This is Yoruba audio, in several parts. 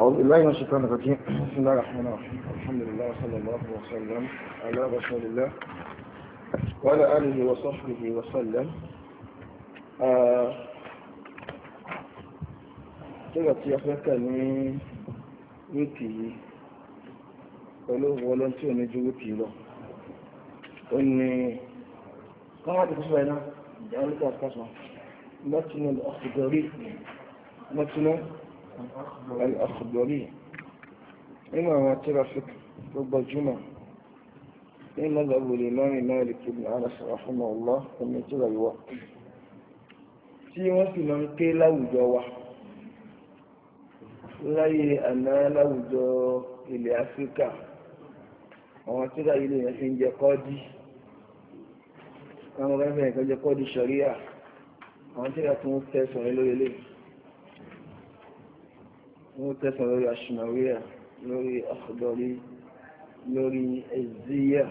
أعوذ بالله من الشيطان الرجيم بسم الله الرحمن الرحيم الحمد لله وصلى الله وسلم على رسول الله وعلى آله وصحبه وسلم كيف تيحفظك من وكي ولو ولنتي ونجي وكي له وني كما تكسب هنا دعوني كاتكاسما ما تنو الأخذ ما تنو الأخضرية إما ما ترى فكر رب الجمعة إما ذهب الإمام مالك بن أنس رحمه الله ومن ترى الوقت tí wọ́n sì máa ń ké láwùjọ wa láyé àná láwùjọ ilẹ̀ áfíríkà àwọn tí láyé ilé yẹn fi ń jẹ kọ́dí àwọn bá ń fẹ́ nǹkan jẹ kọ́dí ṣàríà àwọn tí láti ń fẹ́ sọ̀rọ̀ lórí eléyìí wọ́n tẹ́sàn lórí aṣìnàwíyà lórí akhdari lórí ẹ̀zíyà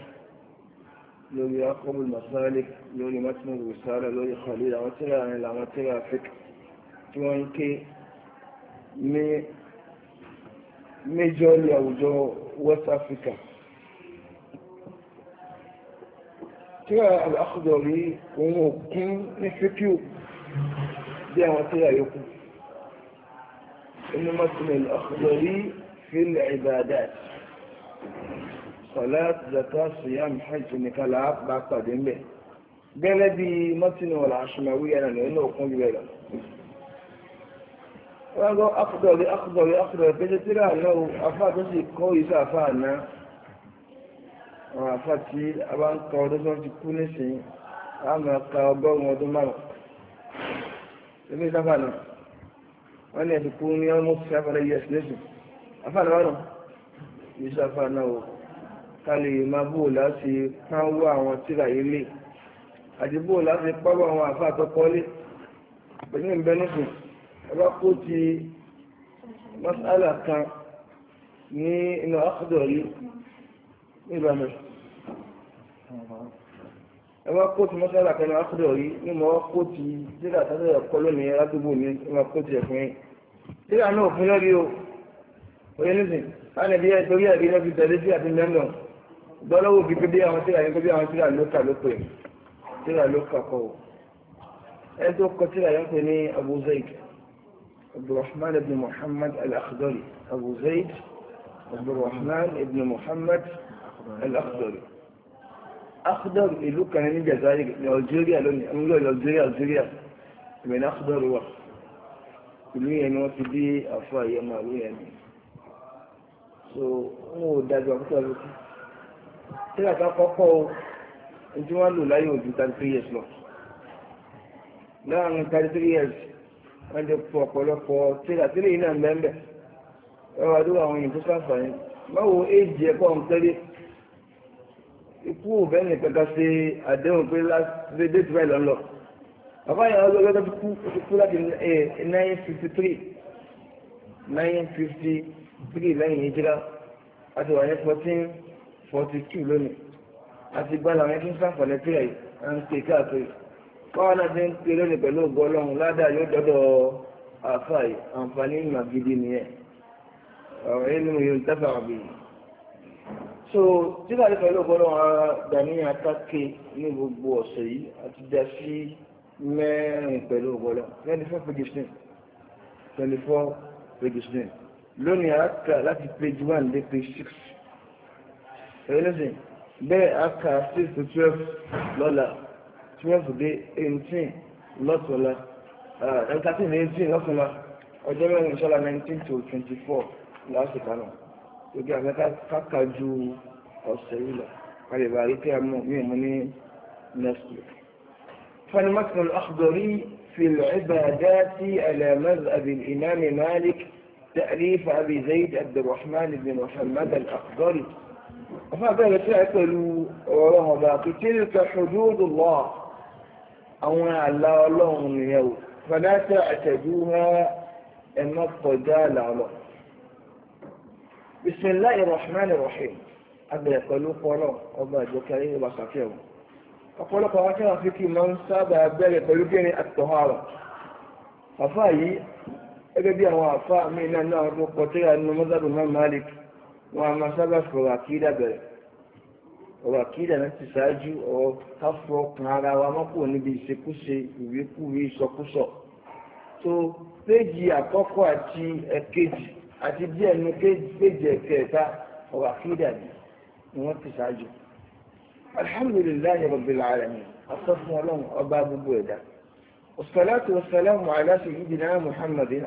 lórí akọ́bùl masalik lórí matinu rusala lórí khalil àwọn tíra rẹ̀ làwọn tíra fik tí wọ́n ń ké méjọ́ ní àwùjọ west africa tíra akhdari òun òkun ní fíkíù bí àwọn tíra yòókù إن مسلم الأخضري في العبادات صلاة زكاة صيام حج نكالعات بعد قادم به gẹ́lẹ́ bí mọ́tínú wọ̀lá aṣọ́mọ̀wé yẹn lọ inú òkun jù bẹ́ẹ̀ lọ. wọ́n gọ́ akọ̀dọ̀rí akọ̀dọ̀rí akọ̀dọ̀rí pété tíra náà afá tó sì kọ́ iṣẹ́ afá àná àwọn afá tí a bá ń kọ́ ọdún tó ti kú nísìnyí a máa ka ọgọ́rùn-ún ọdún márùn-ún. ilé ìsáfà náà wannan ya ko ni an mutu shafa na yes ne su afáàlá wọn yìí sáfà náà o ká lè máa bó láti pánwó àwọn tíra yìí lè àti bó láti pánwó àwọn àfa àtọkọlé pẹ̀lú ìbẹ́nusùn ẹ kó ti masala kan ní inú akadọ̀ yìí nígbà náà ẹ kóòtù mọ́sálà kẹnu àkùdọ̀ yìí ní mọ́ kóòtù tíra tàbí ẹ̀kọ́ lónìí aládùúgbò ní mọ́ kóòtù ẹ̀fún yìí tíra náà fún lórí o oyè nísìn láti bí ẹgbẹ́ ẹ̀rí lọ́bi tẹ̀lé sí àti lẹ́nà gbọ́lọ́wọ́ bí pé bí àwọn tíra yẹn pé bí àwọn tíra ló kà ló pè tíra ló kà kọ́ ẹ tó kọ tíra yẹn pè ní Abu Zayd Abdulrahman ibn Muhammad al-Akhdari Abu Zayd Abdulrahman ibn Muhammad al-Akhdari akhdar ìlú kan ní jazairi algeria lónìí ń lọ algeria algeria ìbẹ̀ ní akhdar wà ìlú yẹn ni wọ́n ti bí àfọ àyè ọmọ ìlú yẹn ni so ń wò dájú àkókò àlòkù tí àká kọ́kọ́ o ojú wọn lò láyé òjú thirty three years lọ láàrin thirty three years wọ́n ti pọ̀ ọ̀pọ̀lọpọ̀ tíra tíra yìí náà ń bẹ́ẹ̀ bẹ́ẹ̀ ẹ̀rọ àdúrà àwọn èèyàn tó sáfà yẹn báwo éèjì ẹ̀kọ́ ọ̀hún tẹ́lẹ̀ ikú òbẹ́ ní kankan ṣe àdéhùn pé láti dé tí wáyé lọ́nà bàbá yẹn lọ́jọ́ lọ́jọ́ kú ó ti kú láti eh, nine fifty three nine fifty three lẹ́yìn ìjìlá àti wà ní fourteen forty two lónìí àti gbọ́n làwọn ẹni sàǹfààní pé à ń pè káàkiri báwọn náà ti ń pè lónìí pẹ̀lú ògbó ọlọ́run ládàá yóò dọ́dọ̀ àfàì àǹfààní ìmọ̀ gidi nìyẹn ọ̀rọ̀ yìí ni mo yóò dábàá bìí so títà lè pẹ̀lú ọ̀pọ̀lọ́ ara dàníyàn atáke ní gbogbo ọ̀sẹ̀ yìí àti dá sí mẹ́rin pẹ̀lú ọ̀pọ̀lọ́ twenty four page sixteen twenty four page sixteen lónìí àkà láti page one dé page six ẹ̀rẹ́sìn bẹ́ẹ̀ àkà six to twelve lọ́la twelve dé eighteen lọ́tọ̀la thirteen dé eighteen lọ́tọ̀la ọjọ́ mẹ́rin ìṣọ́la nineteen to twenty four lásìkò náà. Oge àgbẹ̀ká káka ju والسبيلة هذه باركها نسلك الأخضري في العبادات على مذهب الإمام مالك تأليف أبي زيد عبد الرحمن بن محمد الأخضري فقال تأكلوا وراه باقي تلك حدود الله أو الله الله من يوم فلا تعتدوها إن الطجال الله بسم الله الرحمن الرحيم abẹ̀rẹ̀ pẹ̀lú kọ́nà ọba ìjọkẹ́ ayé ṣàfihàn ọ̀pọ̀lọpọ̀ máa ń sábà bẹ̀rẹ̀ pẹ̀lú àfáà yìí bí àwọn àfáà náà náà tó pọ̀ tí ìyá náà Malik wọn a máa sábà sọ̀rọ̀ àkídà bẹ̀rẹ̀ ọ̀rọ̀ àkídà náà ti ṣáájú ọ̀rọ̀ ká fọ ara wa mọ́kò níbi ìṣekúṣe ìwékúwé ìsọkúsọ tó péjì àkọ́kọ́ àti ẹ̀kejì àti díẹ̀ nu péjì ẹ̀kẹta ọ̀rọ̀ ni wọ́n ti ṣáájú alhamdulillahi rabbil alamin asọ́fún ọlọ́run ọba gbogbo ẹ̀dá wassalatu wassalamu ala sayyidina muhammadin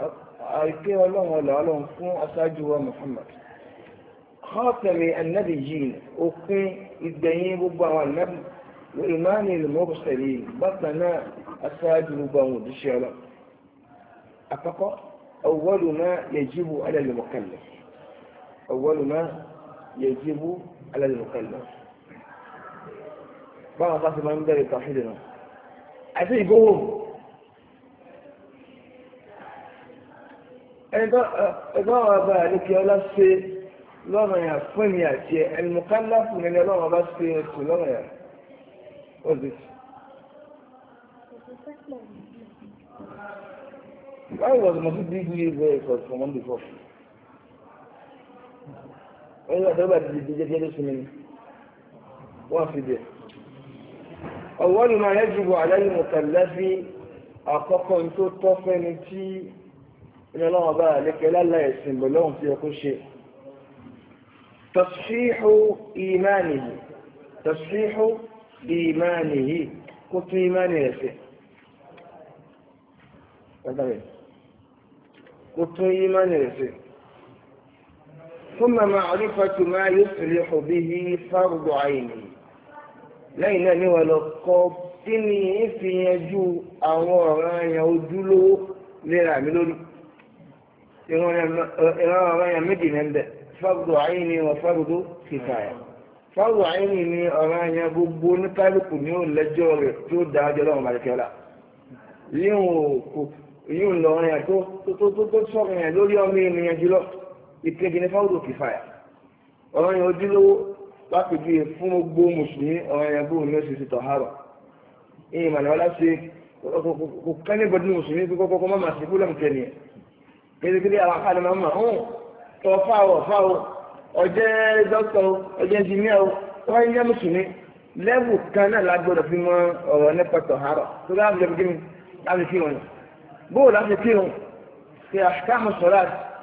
àìké ọlọ́run ọlọ́ ọlọ́run fún aṣáájú wa muhammad khatami annabiyyin òpin ìgbẹ̀yìn gbogbo àwọn ànábì wa imamil mursalin bákan náà aṣáájú gbogbo àwọn òdíṣẹ́ ọlọ́run àkọ́kọ́ awwalu yajibu ala al mukallaf awwalu alẹ́ lè kọ́ lọ. báwọn bá ti máa ń bẹ̀rẹ̀ tàwọn ìdènà àti ìgbóhò ẹgbẹ́ wọn bá àlékè ọlá ṣe lọ́nà yà fún mi àti ẹ ẹnìmọ̀kánlá fún mi ni wọ́n yóò àtọ́gbà dìde jẹ́jẹ́ tó sinmi wọ́n fi bẹ̀. ọ̀wọ́n ni máa yẹ́jú bọ̀ àlẹ́yìn mùkàlẹ́fì àkọ́kọ́ ní tó tọ́ fẹ́ni tí iná lọ́wọ́ bá àlékẹ́ lálẹ́ ẹ̀sìn bọ̀ lọ́hùn tí ẹ kó ṣe. tọ̀síhù ìmánìyí tọ̀síhù ìmánìyí kó tún ìmánì rẹ̀ ṣe. kó tún ìmánì rẹ̀ ṣe. ثم معرفة ما يصلح به فرض عيني، lẹ́yìn náà ni wọ́n lọ kọ́ kí ni fi yanjú àwọn ọ̀ràn àyàn ojúlówó léra mi lórí ìran ọ̀ràn àyàn méjì náà ń bẹ̀ fardu àyìn ni wọ́n fardu kìfàyà fardu àyìn ni ọ̀ràn àyàn gbogbo oníkálukú ni ó lẹ́jọ́ rẹ̀ tí ó da lọ́wọ́ màlẹ́kẹ́lá yíò lọ́rìn àyàn tó sọ̀rọ̀ yẹn lórí ọmọ ènìyàn jùlọ ìkejì ní fáwọn òkè fàyà ọ̀rọ̀ yẹn ojúlówó lápèjúwe fún gbogbo mùsùlùmí ọ̀rọ̀ yẹn bóun ní oṣù ti tọ̀hárọ̀ ìyẹn màlẹ́ wọlé ṣe kò kán ní gbọdún mùsùlùmí kókó kókó má màsí fúlọ̀ nìkẹ́ nìyẹn kékeré àwọn akáàdé máa ń mà hàn tọ́ fáwọ̀ fáwọ̀ ọjẹ́ dókítà ọjẹ́ ẹnjìníà wọ́n yẹ mùsùlùmí lẹ́bù ọ̀rọ̀ nípa tọ̀hárọ̀ tó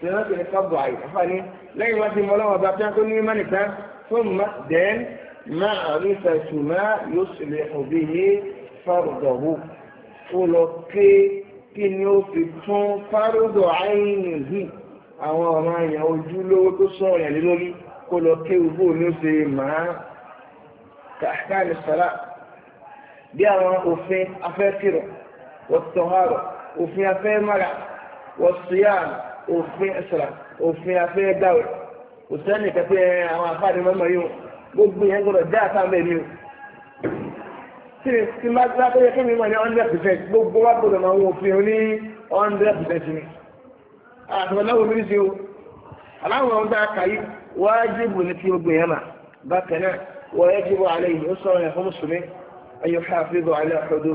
tí wọ́n ti ní kọ́bù àyè àfààní lẹ́yìn wọ́n ti mọ ọlọ́wọ́ bá pẹ́ kó ní mọ́ nìkan fún mọ́ dẹ́n máa àríṣà ṣùgbọ́n yóò ṣẹlẹ̀ òbí yìí fárùdọ̀wò ó lọ ké kí ni ó fi tún fárùdọ̀ àìní yìí àwọn ọmọ èèyàn ojúlówó tó sọ ọ̀yàn lórí kó lọ ké ugbó ní ṣe máa kàkàní sọ́lá bí àwọn òfin afẹ́kìrọ̀ wọ́n tọ́hárọ̀ òfin afẹ́ mara wọ́n ṣíyàmù òfin ẹ̀sọ̀rà òfin afẹ́ dáwẹ̀ kò sẹ́ni kẹfẹ́ àwọn afáàdé mọ́mọ́ yìí gbogbo yẹn gbọdọ̀ dá àtàwọn ẹ̀mí o tí tí má tí wọ́n yẹ kí mi mọ̀ ní hundred percent gbogbo wa gbọdọ̀ máa ń òfin ní hundred percent ni àtàwọn náà wò mí sí o aláwọ̀ ọ̀hún dáa kàyí wájibù ní kí gbogbo yẹn mà bákan náà wọ́n yẹ kí wọ́n alẹ́ yìí ó sọ̀rọ̀ yẹn mùsùlùmí ayọ̀ káfíńgọ̀ alẹ́ ọ̀dọ́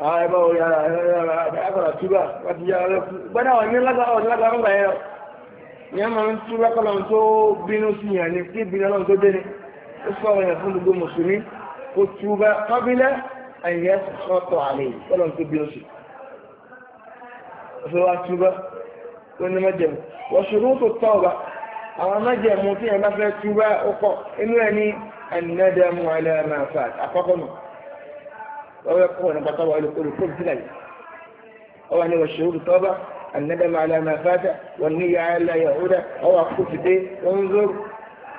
ẹgbẹ́ orí akọ̀rọ̀ túbà wọ́n ti yá ọlọ́ gbọ́dọ̀ wọ́n ní lágbàá wọ́n ní lágbàá ń bàyẹ̀ ní a máa ń tú lákọ̀lọ́ tó bínú sí yàn ní kí bínú ọlọ́run tó dé ni ó sọ ọ̀rọ̀ yẹn fún gbogbo mùsùlùmí kó túbà kábílẹ̀ ẹ̀yẹ sọ́tọ̀ àlè ọlọ́run tó bínú sí. ọ̀sẹ̀ wa túbà ó ní májẹ̀mú wọ́n ṣòro tó tọ́ ọba àwọn májẹ̀mú tí yẹn bá fẹ́ túbà ó kọ inú ẹ̀ ní ẹ̀nẹ́dẹ̀mú alẹ́ máa fà àkọ́kọ́ náà وهو يقول أن تطوع كل ذلك أو أن والشهود طابع الندم على ما فات والنية على لا يعود أو أقف دي انظر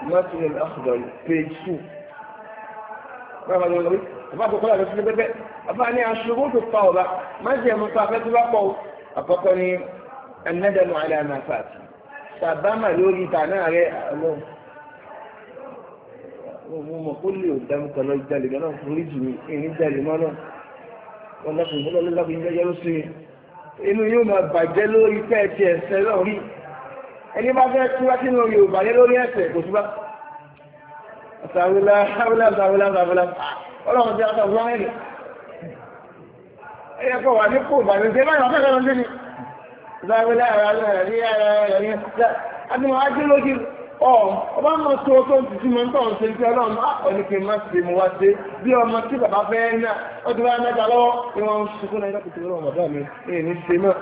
مثل الأخضر بيج سو فاهم أنا أقول أفاق قول أنا أقول بيبي أفعني الشهود الطابع ما زي مصافات بقو أفقني الندم على ما فات سبما لوري تعنى عليه mo mọ̀ kó lè ò dámú kan lọ jalè gan náà forí jù mí èmi jalè mọ́ náà wọn náà kò gbọ́dọ̀ lọ́lọ́bí ń jẹ́jẹ́ ló sí mi inú yóò máa bàjẹ́ lórí tẹ́ ẹ ti ẹ̀sẹ̀ náà rí ẹni bá fẹ́ túwá sínú Yorùbá lé lórí ẹ̀sẹ̀ kò túbá àtàwélá àtàwélá àtàwélá àtàwélá ọlọ́run ti àtàwélá mẹ́rin ẹ̀yẹ kọ̀ wà ní kò bàjẹ́ báyìí wọ́n fẹ́ lọ́dún sí ni àtàwélá àtàwélá àtàwélá àtàwélá ọba mọ̀ tó o tó ń tutù mọ́ nípa ọ̀sẹ̀ ìfẹ́ ọlọ́run ọ̀nìkè ah, má ṣe mọ́ wá dé bí ọmọ tí bàbá fẹ́ náà ó ti wá mẹ́ta lọ́wọ́ ni wọ́n ń sunkún náà ìdákùtù lọ́wọ́ bàbá mi èyí ní ṣe náà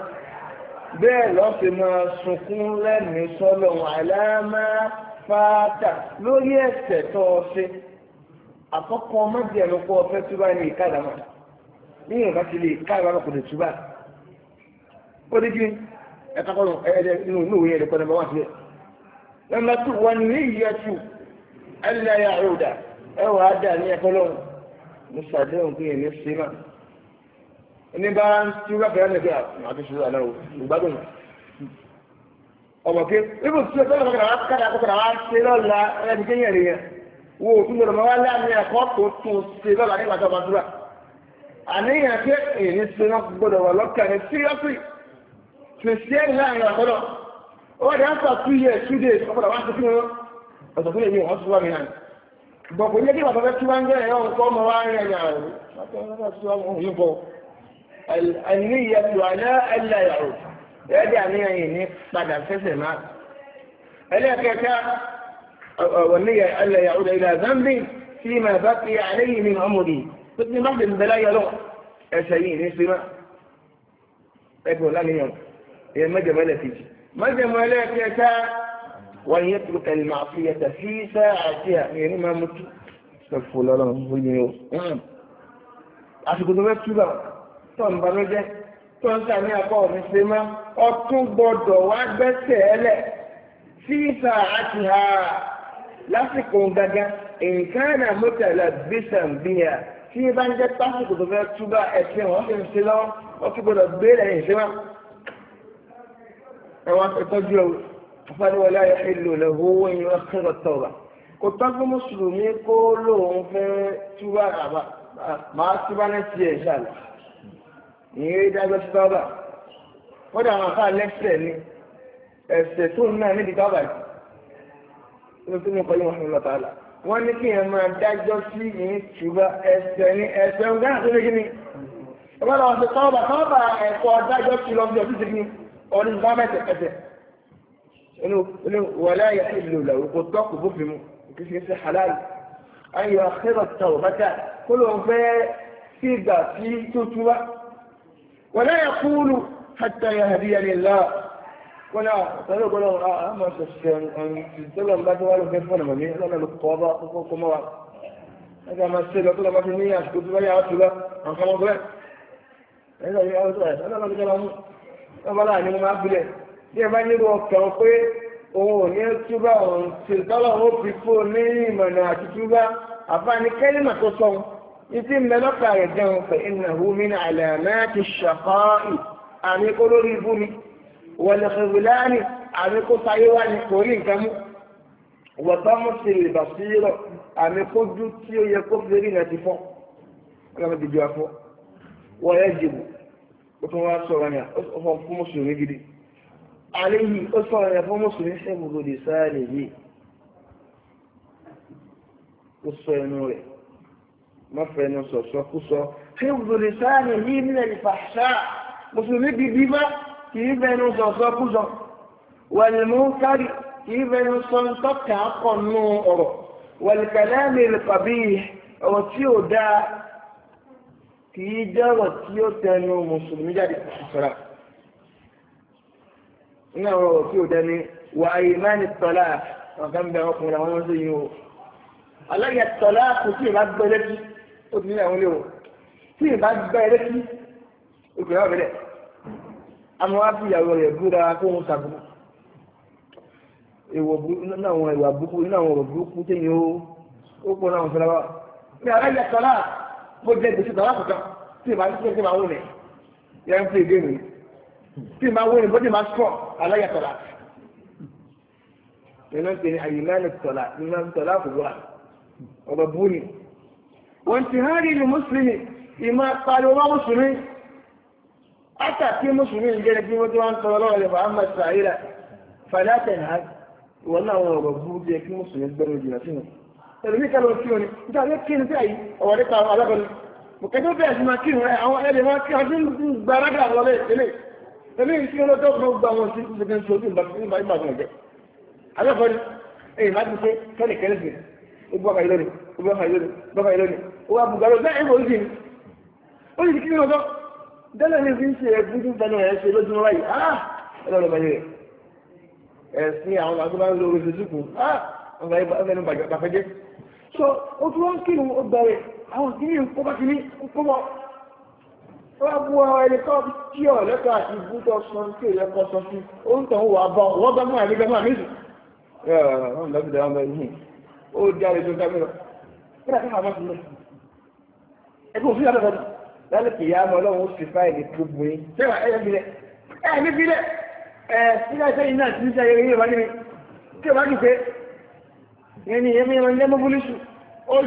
bẹ́ẹ̀ lọ́sẹ̀ máa sunkún lẹ́nu sọ́lọ̀ àlámà fáátà lórí ẹ̀sẹ̀ tó o ṣe àkọ́kọ́ mọ́bí ẹ̀rọ pọ̀ fẹ́ túbá ní ìkádàmà ní ìrọ̀bá ti lè kádàmà kò lè túbá ó nọmba tù wọn ní ìyàtù ẹlẹ́ yà ọ̀dà ẹ wàá dà ní ẹ̀fọ́ lọ́wọ́ mo ṣàdéhùn pé èmi ṣe mà ẹni bá ń tú lápẹ̀rẹ́ mi pé àwọn àti ṣùgbọ́n àná ìgbádùn mi ọmọ pé ibi tí o tọ́lọ̀ kọ́kọ́rọ́ wá kádà kọ́kọ́rọ́ wá ṣe lọ́la ẹni kéèyàn rè yẹn wo òtún lọ́dọ̀ máa wá láàmì ẹ̀kọ́ tó tún ṣe lọ́la nígbà tó bá àníyàn pé èyí ṣe náà gbọ́dọ̀ wà lọ́kàn over the after two years two days ọ̀pọ̀lọpọ̀ wá sí fún wọn ọ̀sọ̀ tó lè ní wọ́n súnmọ́ mi náà bọ̀ kò yẹ kí bàbá tí wọ́n ń gbẹ̀rẹ̀ yọ̀ nǹkan ọmọ wa ń rẹ̀ yà rẹ̀ àníyàtò alẹ́ ẹlẹ́yàwó ẹ̀ẹ́dẹ̀ àníyàn yìí ní padà fẹsẹ̀ máa ẹlẹ́kẹta ọ̀wọ̀níyà ẹlẹ́yàwó ilẹ̀ zambi tí mà bá fi àlẹ́yìn mi mọ́ mọ́bì tó ti má fi bẹ̀rẹ̀ yọ lọ ẹ̀ṣẹ̀ yìí ní sinmi ẹ̀gbọ́n láníyàn ẹ̀yẹ mọ́jẹ̀mọ́ ẹlẹ́ẹ̀kẹta wọ́n yẹ tó tẹ̀lé máa fi ẹ̀tẹ̀ sí iṣẹ́ àti àfihàn máa mú tú ṣẹ̀fọ́ lọ́rọ̀ fún mi o. àsìkò tó fẹ́ túbà tó ń banújẹ́ tó ń sàmì àpá òfin ṣe má ọtún gbọdọ̀ wá gbẹ́sẹ̀ ẹlẹ̀ sí iṣẹ́ àti ha lásìkò gàgà nǹkan àmọ́tàlá bísàn bíyà tí bá ń jẹ́ pásìkò tó fẹ́ túbà ẹ̀sìn wọn fi ń ṣe lọ́wọ́ wọ́n ti gbọdọ̀ gbé lẹ́yìn ṣe máa ẹwà ẹtọ́jú ẹwù afáríwọlé ayé lò lẹ́wọ́ owó yẹn ẹkẹrọ tọ̀wà kò tọ́jú mùsùlùmí kó lóun fẹ́ túbà àbá màá túbà náà tiẹ̀ ṣàlẹ̀ ìyẹn dájọ́ túbà bà wọ́n dà wọn fà lẹ́sẹ̀ ni ẹ̀sẹ̀ tó ń náà níbi tábà yìí ló tún mú wọn fún lọ́tà àlà wọ́n ní kí yẹn máa dájọ́ sí ìyẹn túbà ẹ̀sẹ̀ ni ẹ̀sẹ̀ ń gán àti ẹ̀sẹ̀ kí ni ẹ̀ ọdún bá mẹ́tẹ̀ ẹsẹ̀ wọlé ayé ìlú la òkò tọ́kù bó fi mu kì í ṣe halal ayé àkérò tà ò bàtà kó ló ń fẹ́ sí ìgbà sí tuntun wa wọlé ayé kúlù hàtà yà hàbí yà nílá wọn náà sọ́dọ̀ gbọ́dọ̀ àwọn àmọ́ ṣẹṣẹ ìṣẹ́lẹ̀ ńlá tó wà ló fẹ́ fọ́nà mọ̀mí ọlọ́run ló kọ́ ọba kókó kó mọ́ wa ẹgbẹ́ máa ṣe lọ tó lọ́ba fi ní àsìkò tó bá yà á tu lọ àwọn ọmọ bẹ́ẹ̀ ẹgbẹ́ yà á tó ẹ̀ ọlọ́run lọ́bàlá ni mo máa gbilẹ̀ bí ẹ bá nílò ọkàn pé òun ò ní túbà òun ṣe tọ́lọ̀ ó fi fún un ní ìmọ̀nà àti túbà àfààní kẹ́lìmà tó sọ ìdí mẹ́lọ́kà rẹ̀ jẹun pé iná húmi ní àlàmẹ́ ti ṣàkọ́ àmì kó lórí ibú mi wọlé xewìlánì àmì kó sáyé wá ní kò rí nǹkan mú wọ́tọ́ mú sí ìbàṣírọ̀ àmì kó dú tí ó yẹ kó fi rí nàti fọ́ ọlọ́mọdé jù afọ́ wọ́n yẹ jìbù ó tún wá sọ̀rọ̀ ní fún mùsùlùmí gidi aléyìí ó sọ̀rọ̀ ní fún mùsùlùmí sẹ́gbogbo lè sáàlè yìí ó sọ ẹnu rẹ̀ mọ́fẹ́nu sọ̀sọ́ kú sọ sẹ́gbogbo lè sáàlè yìí nílẹ̀ nípa ṣáà mùsùlùmí gidi bá kì í bẹnu sọ̀sọ́ kú sọ wàlùmú kárì kì í bẹnu sọ ń tọ́ka akọ̀ nù ọ̀rọ̀ wàlùkàlẹ́ mi lè kì í jẹ́rọ̀ tí ó tẹnu mùsùlùmí jáde sọ̀rọ̀ ní àwọn ọ̀rọ̀ tí ó dẹni wà á yìí máa ní tọ́lá ọ̀gá ń bẹ ọkùnrin àwọn ọmọdé yìí o alága tọ́lá kò tí ì bá gbẹ lẹ́kí ó ti ní àwọn ilé o tí ì bá gbẹ lẹ́kí ó kì wà bẹ́lẹ̀ àmọ́ wá fi ìyàwó rẹ̀ búra kó ń sàbùkù ìwọ̀ burúkú nínú àwọn ìwà burúkú nínú àwọn ọ̀rọ̀ burúkú téyìn ó ó pọ̀ náà fẹ́ra mo jẹ gbèsè bàbá kankan tí ìmọ̀ àti tí ìmọ̀ àwọn rẹ̀ yẹn ń fi ìdí rẹ̀ tí ìmọ̀ àwọn rẹ̀ bó ti máa sọ̀ aláyàtọ̀ la. nínú ti ní àyè mẹ́rin tọ̀lá nínú tọ̀lá fòwúrà ọ̀rọ̀ bú ni. wọ́n ti hàn rí ni mùsùlùmí ìmọ̀ pariwo mọ́ mùsùlùmí àtàkì mùsùlùmí ń jẹ́ni bí wọ́n ti wá ń tọrọ lọ́wọ́ rẹ̀ Muhammad sàyíra fàdátẹ̀ náà ìwọ náà wọ̀ ọ̀rọ̀ bú jẹ́ kí mùsùlùmí gbẹ́rù jìnnà sínú. ẹlòmí kan lọ sí òní nígbà tó kí ní báyìí ọ̀wọ́ nípa alábọ̀lù mọ̀kẹ́tọ́ bẹ́ẹ̀ sì máa kírun rẹ̀ àwọn ẹlẹ́ máa kí ọdún gba rákà lọlé ìpínlẹ̀ ẹlẹ́ ìsí ọlọ́dọ́ kan gba wọn sí ìgbẹ́gẹ́ sí ojú ìbàdàn ọ̀jẹ́ alábọ̀lù èyí máa ti pé kẹ́lẹ̀ kẹ́lẹ̀ sí gbogbo ọkà so ó tí wọ́n kírun ó bẹ̀rẹ̀ àwọn ìdílé ń kópa sí ní kópa wọ́n á bú ọ ẹni kọ́ tí ọ̀ lẹ́kọ̀ọ́ àti bútọ̀ san tí ò lẹ́kọ̀ọ́ san sí ó ń tàn wà bá wọ́n bá mú àmì gbẹ́mọ̀ àmìsù ọ̀hún lọ́bí dáwọn bá yìí ó jáde tó dábẹ́ lọ kíra kí àwọn ọmọ ẹgbẹ́ òfin àtọ́tọ́ lálẹ́ kì í yá ọmọ ọlọ́run ó sì fáìlì tó bu yín sẹ́wà ẹ̀yẹ bilẹ̀ ẹ̀ẹ́mí bilẹ̀ ẹ̀ẹ́ yẹn ni èmi ìran ilé mọ́búlísù ó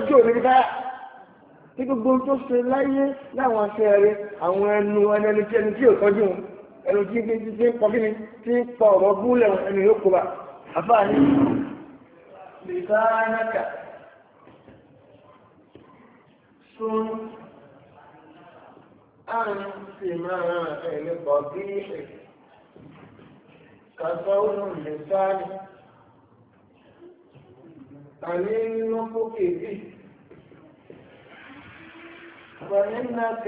gbogbo tó ṣe láyé láwọn aṣẹ rẹ àwọn ẹnu ẹni tí ẹni tí ò tọ́jú wọn ẹnu tí ti ti ń pọ kí ni tí ń pọ ọ̀rọ̀ gúnlẹ̀ wọn ẹnu yóò kó bá sún àrùn sì máa bí kàtọ́ òun فمنك به فإنك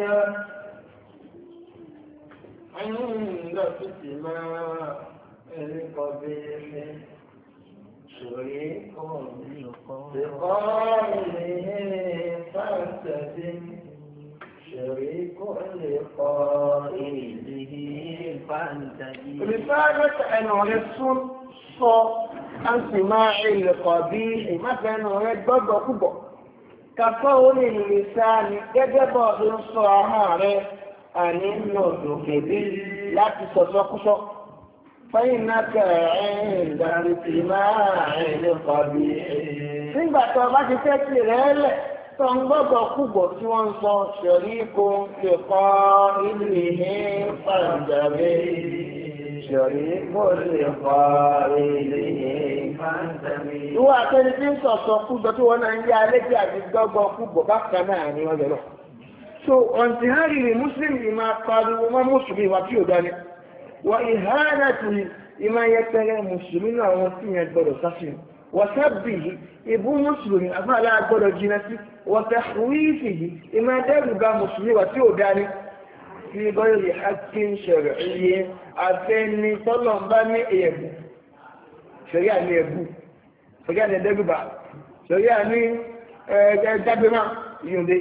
عند استماع القبيح شريك لقائه فاستدم شريك لقائه فانتدم رسالة أن رسول صلى a sì máa ilẹ̀kọ̀ bí bi rẹ gbọ́gbọ́ púpọ̀ kubo. ó lè lè sáà ní gẹ́gẹ́ bọ́ ọdún sọ ahọ́n rẹ àní nà òkè bí láti sọ̀sọ́kúsọ́ fẹ́yìn náà kẹ̀rẹ́ ìdarí tì máa ilẹ̀kọ̀ bí. nígbà tó bá ti fẹ́ tirẹ̀ lẹ̀ sọ ń gbọ́dọ̀ kubo tí wọ́n ń sọ ṣẹ̀rí kó lè kọ́ ilé Ìwọ àtẹni tí ń sọ̀sọ̀ kúgbọ́ tí wọ́n náà ń yá alẹ́jì àti gbọ́gbọ́ kúgbọ́ bákan náà ni wọ́n lọ. So, ọ̀ntì hàn rírì Mùsùlùmí ìmá pariwo mọ́ Mùsùlùmí wà tí ò dání. Wọ ìhánà tí ìmá yẹpẹrẹ Mùsùlùmí náà Wọ́n sí bọ́yìí akin ṣẹ̀rẹ̀ iye afẹ́ni tọ́lọ̀ ń bá ní ẹ̀bù ṣẹ̀rí àní ẹ̀bù ṣẹ̀rí àní ẹ̀dẹ́gbẹ̀bà ṣẹ̀rí àní ẹ̀ẹ́dẹ́gbẹ̀mà ìyọ̀ndé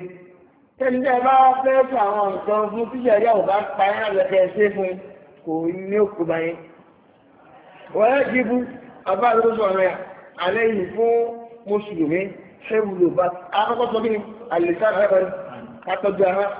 tẹ́lẹ̀ tẹ́ bá fẹ́ fún àwọn nǹkan fún tíṣà yà ò bá pa yín àgbẹ̀kẹ́ ṣe fún kò ní òkú bá yín wọ́n yẹ́ jíbu àbá àdúgbò sọ̀rọ̀ yà alẹ́ yìí fún mùsùlùmí ṣẹ́wùlò bá akọ́kọ́ sọ bí àlè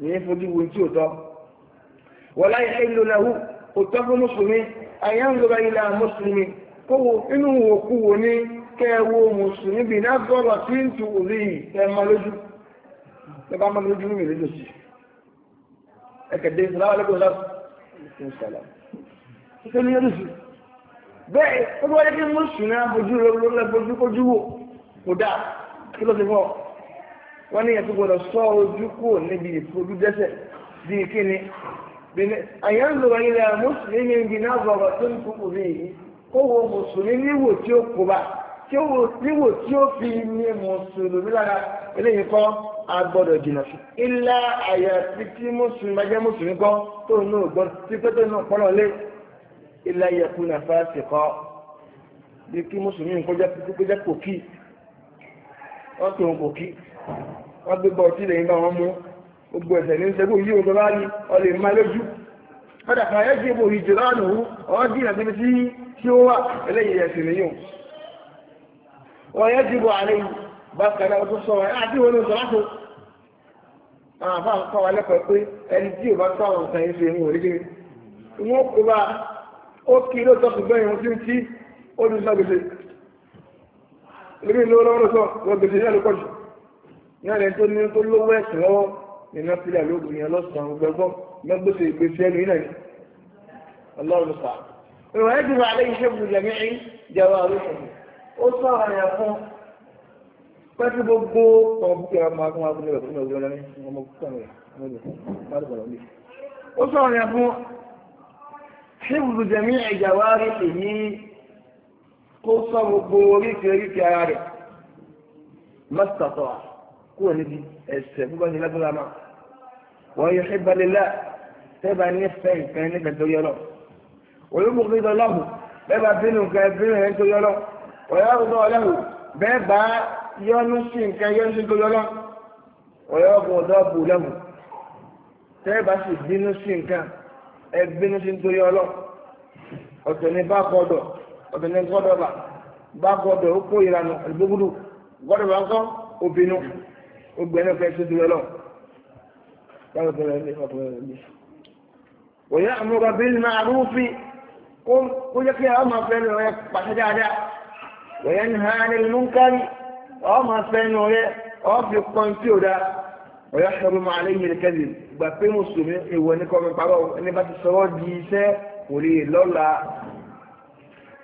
ní fojú wo tí ò tọ́ wọ́n láyé ẹ̀lò lẹ́hu kò tọ́ fún mùsùlùmí ayé ń lọ́ba ilẹ̀ mùsùlùmí kó wo inú wo kú wo ní kẹwo mùsùlùmí bí náà gbọ́dọ̀ sí ń tu òbí ẹ̀ máa lójú ẹ bá máa lójú mi lójú sí ẹ kẹ̀dé ìsìláwà lẹ́kọ̀ọ́ lọ́sùn ìsìláwà ṣe ní lójú sí bẹ́ẹ̀ ó bí yẹ kí mùsùlùmí abojú lọ́gbọ́n lọ́gbọ́n kojú wò kò dáa kí ló ti fọ́ wọ́n ní yẹn tó gbọ́dọ̀ sọ ojú kúrò níbi ìfojúdẹ́sẹ̀ bíi kíni àyàn ń lọ ilẹ̀ mùsùlùmí ń gbiná bọ̀rọ̀ tó ń kúkú bí yìí kó wo mùsùlùmí níwò tí ó kó bá tí ó níwò tí ó fi ní mùsùlùmí lára eléyìí kọ́ a gbọ́dọ̀ jìnnà sí. ilá àyàfi tí mùsùlùmí bá jẹ́ mùsùlùmí kọ́ tó ń náà gbọ́dọ̀ tí pé tó ń náà pọ́nlọ́ lé ilá yẹku náà fásitì kọ́ bí kí mùsùlùmí kó jẹ́ wọ́n tó ń kó wọ́n gbé bọ̀ tí lèyìn bá wọn mú gbogbo ẹ̀sẹ̀ ní ṣẹ́gbó yíò tó bá rí ọlẹ̀ máa lójú ọdà kan yẹ́ sí ipò ìjìlá nù ọwọ́ dínà síbi tí tí ó wà eléyìí ẹ̀sìn nìyàn wọ́n yẹ́ sí ipò àlẹ́ yìí bá kàdá ọdún sọ ẹ̀ àti ìwọ̀n oṣù láti àwọn àfáà ń kọ́ wa lẹ́kọ̀ọ́ pé ẹni tí ò bá tó àwọn nǹkan yìí ṣe ń wòrí kiri wọ́n kó bá ó kí ló tọ́ ṣùgbọ́n ìwọ̀n tí ń tí lórí ìlú ọlọ́run sọ gbèsè ní àlùkọ́jù náà lẹ́ni tó ní tó lówó ẹ̀sìn lọ́wọ́ ní náfílà lóògùn yẹn lọ́sàn-án gbẹgbọ́n mẹ́gbẹ́sẹ̀ ìgbésí ẹnu yìí náà ni ọlọ́run sà. ìwà ẹ̀dùn rẹ̀ alẹ́ iṣẹ́ gbùdù jẹ̀mí ẹ̀yìn jẹ̀wọ́ àlùfọ̀n ó sọ àwọn yẹn fún pẹ́ẹ́sì gbogbo ọmọ búkẹ́ ọmọ akọ́mọ akọ́mọ ìwẹ̀ fún ọgbẹ́ ọlọ́rin ọmọ búkẹ́ ọmọ ìwẹ̀ ó sọ àwọn yẹn fún ṣé gbùdù jẹ̀mí ẹ̀jẹ̀wọ́ rẹ̀ èyí kó sọ gbogbo oríkèéríkèé ara rẹ̀ mọ́sítọ̀tọ̀ kúrò níbi ẹ̀ṣẹ̀ púpọ̀ ní lágbára máa wọ́n yọ ṣe balẹ̀ láà tẹ́bà ní fẹ́ nǹkan ní kẹtọ́ yọ lọ. olóògbé kò tó lọ́hù bẹ́ẹ̀ bá bínú nǹkan bínú rẹ̀ tó yọ lọ. ọ̀yọ́ ọ̀dọ́ ọlọ́hù bẹ́ẹ̀ bá yọnu sí nǹkan yọnu sí tó yọ lọ. ọ̀yọ́ ọ̀dọ́ bù lọ́hù tẹ́bà sì bínú sí nǹkan ẹ bínú sí tó yọ lọ. ọ̀tọ̀ bá gbọ́dọ̀ ọ̀tọ̀ ni gbọ́dọ̀ bá gbọ́dọ̀ ó kó ìlànà ìgbógúdù gbọ́dọ̀ bá ń obìnrin gbogbo ẹni ọ̀fẹ́ tó ti lọ́lọ́ yàwó tó lọ ní ọkùnrin rẹ̀ bí. òye àmúgbà bí ní máa rú fi kó jẹ́ kí àwọn máa fẹ́ nu rẹ̀ pàṣẹ dáadáa òye ní ha ní inú ń kárí ọ̀ máa fẹ́ nu rẹ̀ ọ̀ fi òye àṣọrù máa lé yẹn kẹ́lì gbà pé mùsùlùmí ìwọ ní kọ́ mi ẹni bá ti sọ̀rọ̀ di iṣẹ́ kò lè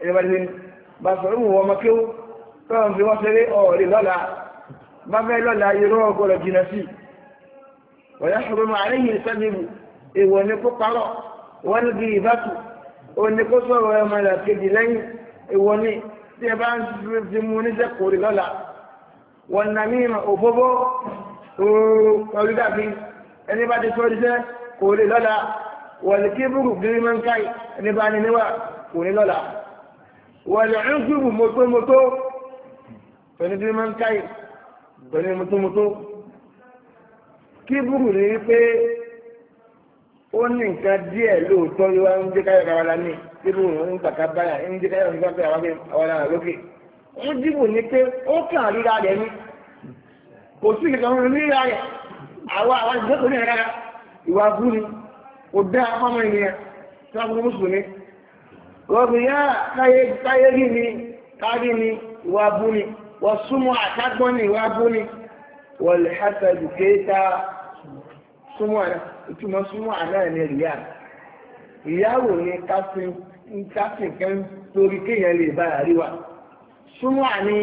ẹni bá ti bá sọ̀rọ̀ mù wọ́n mọ́ kéwú tọ́wọ́n fi wọ́n ṣeré ọ̀ọ́lẹ̀ lọ́la bá fẹ́ lọ́la irọ́ ọgbọ̀rọ̀ jìnà sí wọ́n yá ṣùgbọ́n máa lẹ́yìn ìsẹ́bìbù èèwọ̀ ni kó parọ́ wọ́n ní bí ìbátù ó ní kó sọ̀rọ̀ ẹ̀ máa kejì lẹ́yìn èèwọ̀ ni tí ẹ bá ń fi mú níṣẹ́ kórè lọ́la wọ́n nà mí mà òfófó ooo pẹ̀lú dàbí ẹni bá ti sọ iṣẹ́ kórè lọ́la wọ́n kí búrú gírí máa ń káyì ẹni bá ní níwà kórè lọ́la wọ́n lè ń pẹ̀lú mutúmutú kí búrú ni wípé ó ní nǹkan díẹ̀ lóòótọ́ yóò wá ń jẹ́ káyọ̀ kára la ní kí búrú ń gbàgbá báyà ń jẹ́ káyọ̀ nígbà pé àwọn àwọn àwọn lókè ń dìbò ní pé ó kàn ríra rẹ̀ ní kò sí ìkàwọn ríra rẹ̀ àwọn àwọn ìgbésẹ̀ ní ẹ̀rọ ìwà búrú kò dá fọ́mọ ènìyàn tí wọ́n fún mùsùlùmí rọ̀bìyà káyé rí ni kárí ni ìwà búrú wọ́n súnmọ́ àtàgbọ́n ní ìwábú ni wọ́n lè hásàdù kéta súnmọ́ àná ìtumọ̀ súnmọ́ àná ní ìyá ìyáwó ni kásìn kan torí kéèyàn lè bá àríwá súnmọ́ àní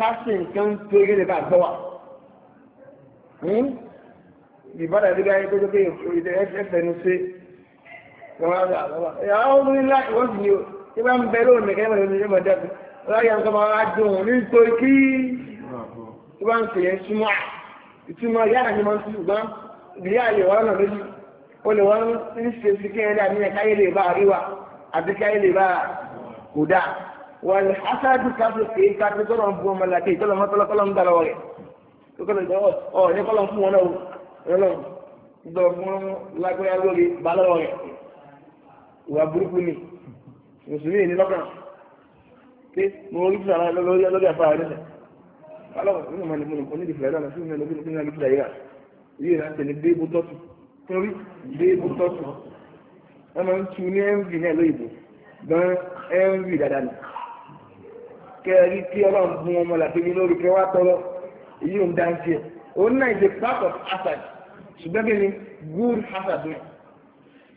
kásìn kan torí lè bá gbọ́ wa ìbára dídá yẹn tó tókè ìdẹ ẹsẹ̀ ní sí ìyàwó ní láti wọ́n sì ní o ìbá ń bẹ̀rẹ̀ òmìnira ẹ̀mọ̀ ìdẹ́gbẹ̀dẹ́gbẹ̀ láyé nǹkan máa wá dùn ún nítorí kí tó bá ń pè é súnmọ́ ìtumọ̀ ìyá àti máa ń tún ṣùgbọ́n ìdílé àyè wà lọ́nà méjì ó lè wọ́n ń ṣe sí kí ẹ̀rẹ́ àmì ẹ̀káyé lè bá àríwá àti káyé lè bá kò dáa wọ́n lè aṣáájú káfí pé káfí tó lọ́n bu ọmọ làkè tó lọ́n mọ́tọ́lọ́ kọ́lọ́n gbà lọ́wọ́ rẹ̀ tó kọ́lọ́ ìjọ ọ̀ ní kọ́lọ́n fún wọn náà ọlọ́run gbọ́ fún lágbára lórí bá lọ́wọ́ rẹ̀ ìwà burúkú pé mo rí fúnra rẹ lórí ọlọ́dẹ afárá rẹ lẹ alọ́wọ́ nínú mọ̀ nínú mọ̀ nídìí fúnra náà fún mi lórí nínú àgbẹ̀ ìdáyé rà yìí rà tẹ̀lé béèbù tọ́tù torí béèbù tọ́tù wọ́n máa ń tu ní mv náà lóyìnbó gan mv dáadáa nù kẹrí kí ọlọ́run bu ọmọ làkejì lórí kẹwàá tọrọ èyí ò ń dáńtì ẹ̀ òun náà is part of hazard ṣùgbọ́n kí ni good hazard náà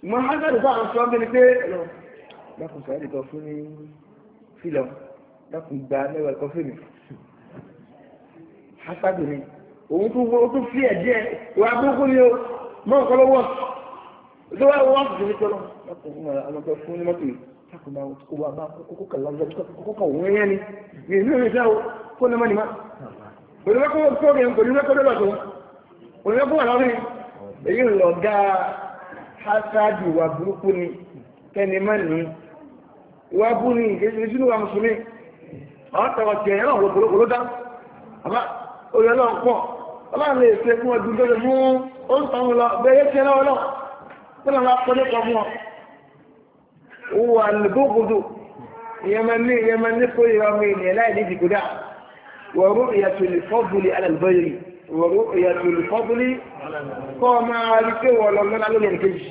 mọ hazard fún àwọn sọ́ọ́ dákun gba mẹ́wàá ẹ̀kọ́ fèmí hasadu ni òun tún wọ́n tún fi ẹ̀jẹ̀ wà burúkú ni o mọ nǹkan ló wọ́n tó wá wọ́n tó ní tọ́lọ́ dákun fún ọmọ tó fún ní mọ́tò yìí dákun máa kó wa máa kókó kà lọ́wọ́ kókó kà òun yẹn ni mi ò ní ìrìn sáà o kó ní mọ́ni má onímọ̀ kó kó kẹ́ onímọ̀ kó lọ́dọ̀ ń lọ gáà hasadu ni kẹ́ni má nìyí ni àwọn tọrọ jẹ ẹ̀rọ ògbólógbò ló dá àbá orí ọlọ́run pọ̀ ọlọ́run lè ṣe fún ọdún tó lè mú ó ń tàn lọ bẹ́ẹ̀ ṣe lọ́wọ́ náà tó lọ́wọ́ akọ́lé kan mú ọ. wà lùbọ́gbọ́dù ìyẹmẹ́ni ìyẹmẹ́ni kó ìyọ ọmọ ènìyàn láì ní ìdìgbò dá wọ̀rú ìyàtòlì fọ́bùlì alàlùbọ́yìrì wọ̀rú ìyàtòlì fọ́bùlì kọ́ máa rí pé wọ́n lọ lọ́la lórí ẹ̀kejì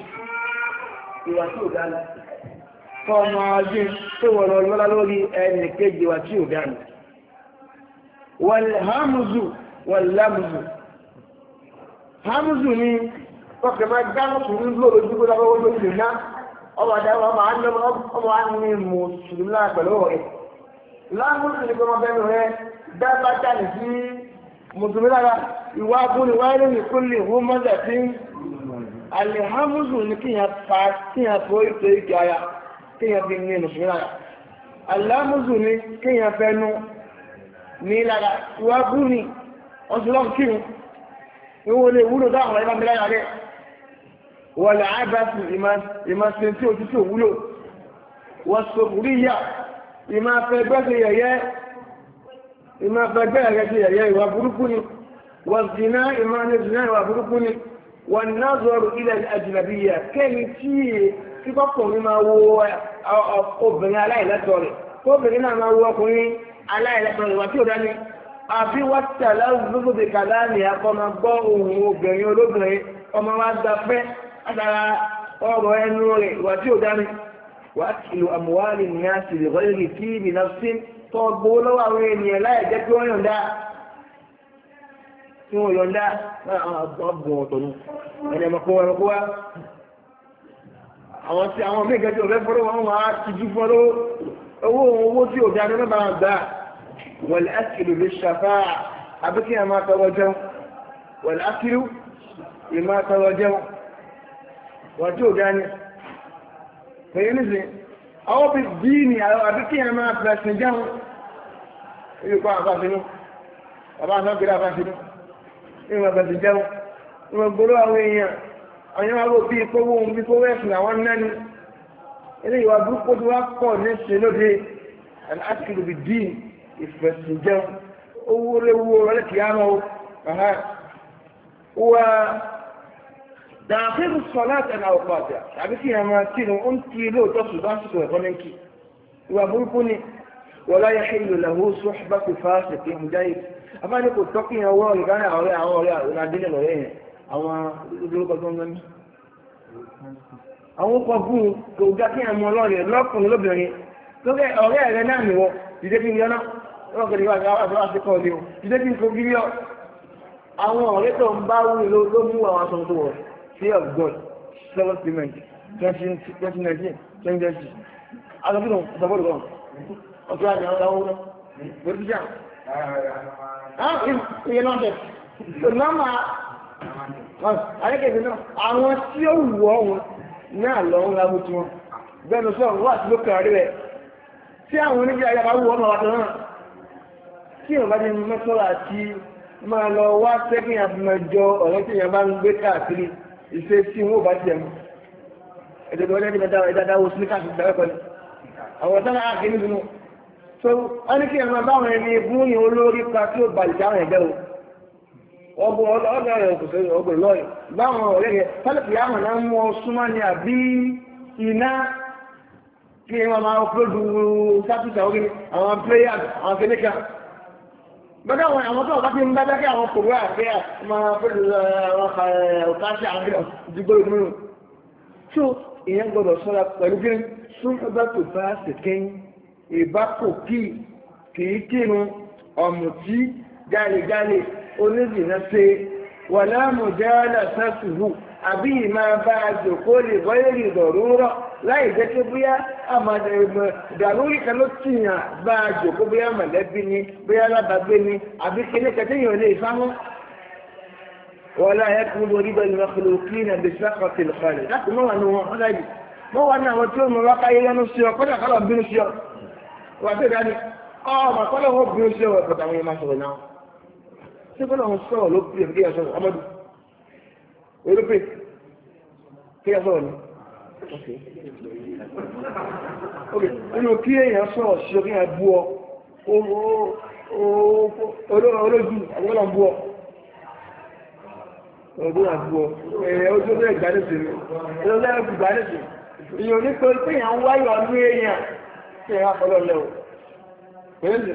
kọ́ ọmọ ajé tó wọ̀rọ̀ lọ́lá lórí ẹnì kejì wa tí ò dánù wàlhámùzù wàlhámùzù hámùzù ni kọkẹ́ máa gbá mùsùlùmí lóòrò dúró lábọ́wọ́ lórí náà ọmọ àdáwọ̀ ọmọ àdánwò ọmọ àní mùsùlùmí lára pẹ̀lú ọ̀rẹ́ láàmùsùn ní kọ́mọ bẹ́ẹ̀ rẹ dábàá tàní sí mùsùlùmí lára ìwà abúlé wáyé ní kúlì hùmọ́dà tí alihámùsùn ní kíyàn pa kíyàn fọ́ ètò ìgbà ya kéèyàn fi ní mùsùlùmí lára aláàmùsù ni kéèyàn fẹnu ní lára ìwà bú ni wọ́n ti lọ́n kírun ìwọ lè wúlò dáhùn láyé bámi lára rẹ̀ wọ́n lè ábàtì ìmọ̀sìn tí òtútù òwúlò wọ́n sọ̀kùrí yà ìmọ̀ afẹ́gbẹ́ ti yẹ̀yẹ́ ní zìnà ìwà burúkú ni wọ́n náà zọrọ̀ ilẹ̀ àjìnàbíyà kẹ́ni tí kí kọ́kùnrin máa wo obìnrin aláìlẹ́tọ̀ rẹ̀ kó obìnrin náà máa wo ọkùnrin aláìlẹ́tọ̀ rẹ̀ wá tí ò dání àbí wọ́n ti tà lọ́wọ́ bí kàdá ni akọ́ máa gbọ́ ohun obìnrin olóbìnrin ọmọ wa gba pẹ́ látara ọ̀rọ̀ ẹnu rẹ̀ wá tí ò dání wà á kìlò àmúwárì ní a sì lè rọ́lẹ́rì tí ìbí sí tó gbowó lọ́wọ́ àwọn ènìyàn láì jẹ́ kí wọ́n yọ̀ǹda tí wọ́n àwọn tí àwọn mẹ́gẹ́ tí ò fẹ́ fọ́rọ́ wọn wá ti jú fọ́rọ́ owó owó tí ò dáná náà bá gbà wọ̀lẹ̀ ákìlù lè ṣàfà àbí kí a máa tọwọ́ jẹun wọ̀lẹ̀ ákìlù lè máa tọwọ́ jẹun wọ́n tí ò dáná pẹ̀lú nísìn àwọn bí díìnì àbí kí máa pẹ̀sìn jẹun ilé kọ́ àbáfinú bàbá àná ìwọ̀n pẹ̀sìn jẹun ìwọ̀n gbòòrò àwọn èèyàn ọ̀yìn aró bí ìpówó ohun bí kówó ẹ̀sìn àwọn nání ilé ìwà burúkú tí wọ́n pọ̀ ní ṣe lóde and ask you to be dean ìfẹ̀sùn jẹun owó léwu ọ̀rẹ́ kìí àmọ́ o wà dàbíru sọláàtì ẹ̀nà ọ̀pọ̀ àti àbí kí ìyàmọ̀ àti ìrùn ó ń kí ilé òótọ́ ṣùgbọ́n àṣìkò ẹ̀kọ́ ní kí ìwà burúkú ni wọlá yẹ ṣe ìlòlà ó sọ ṣùgbọ́n kò fà á ṣèké ìmújáyé àbáyé kò tọ́kì ìyàwó ọ̀rẹ́ àwọn ọ̀rẹ́ àwọn adé àwọn olórúkọ tó ń lọ ní. àwọn ọkọ̀ fún un kò já kí àwọn ọlọ́rẹ̀ lọ́kùnrin lóbìnrin lókè ọ̀rẹ́ rẹ náà nìwọ ìdè kí ni ọ̀nà lọ́kùnrin wà o ìdè kí ni kò gírí ọ. àwọn ọ̀rẹ́ tó ń bá wù ló mú àwọn aṣọ tó wọ̀ fear of God seven cement twenty nineteen twenty twenty. àlọ́ kí ló ń sọ fọ́ọ̀lù kan ọ̀tún àti àwọn ọ̀làwọ̀ náà lórí ìjà. ìyẹn náà tẹ̀ àríkèsè náà àwọn tí ó wù ọ́ wọn náà lọ ń lagun tí wọn bẹ́ẹ̀ni sọ wà tí ló kàn rí rẹ̀ tí àwọn oníbi ayé bá wù ọ́ máa wà tán náà tí ìwọ̀n bá ní mẹ́tọ́lá àti máa lọ wá sẹ́kìn àbùmọ̀jọ ọ̀rẹ́ tí èèyàn bá ń gbé káàkiri ìṣe tí wọn ò bá tiẹ̀ mú ẹ̀dẹ̀dẹ̀ so wọn ní kí ẹ̀rọ báwọn ẹni gún ní olórí pa tí ọgbọ ọdọ rẹ kòtò ọgbọ lọyọ báwọn ọ̀rẹ́ rẹ tálẹpì àwọn náà mú ọ súnmọ́ ni àbí iná kí wọn máa ọpọlọdù sápítà orí àwọn pléyà àwọn kẹmíkà bẹ́ẹ̀ àwọn àwọn tó ọba ti ń bẹbẹ kí àwọn kòwé àti máa ọpọlọdù àwọn ọkàṣì àwọn kẹmíkà dùgbò ìdúró tó ìyẹn gbọ́dọ̀ ṣọ́ra pẹ̀lú kí sún ọba tó bá ṣèkéyìn ìbá kí kì í oníjìnà ṣe wà láàmú jáàlá sásùhù àbí ìmáa bá a jòkó lè bọ́yẹ̀rì ìdọ̀rúnrọ̀ láì jẹ́ pé bóyá àmàdàgbọ̀ dàrúrí kan ló tìyàn bá a jòkó bóyá mọ̀lẹ́bí ni bóyá alábàgbé ni àbí kíní kẹtẹ́yìn ò lè fáwọn. wọ́n láyé kí wọ́n rí bẹ́ẹ̀ ni wọ́n na kí ní àbí sákọ̀tì lọ́kọ̀lẹ̀ láti mọ́ wà ní wọn ọ̀dà yìí mọ́ wà ní àwọn tí ó sí ọ kọ́dà bínú sí ọ tí bọ́lá wọn sọ̀rọ̀ ló pè é kéèyàn sọ̀rọ̀ amadu olú pè kéèyàn sọ̀rọ̀ ni. ok nínú kí èèyàn sọ̀rọ̀ sí ọ kéèyàn bú ọ olójú àbúrò bú ọ ọdún àbúọ ẹ̀rẹ̀ ojú ọdún ẹ̀gbádẹ́sì rẹ̀ ọdún ẹ̀gbádẹ́sì ìyọ̀ nípa pé èèyàn ń wáyọ̀ ọdún èèyàn tí ẹ̀rọ àpọ̀lọ́ lẹ́wọ̀ pẹ̀lú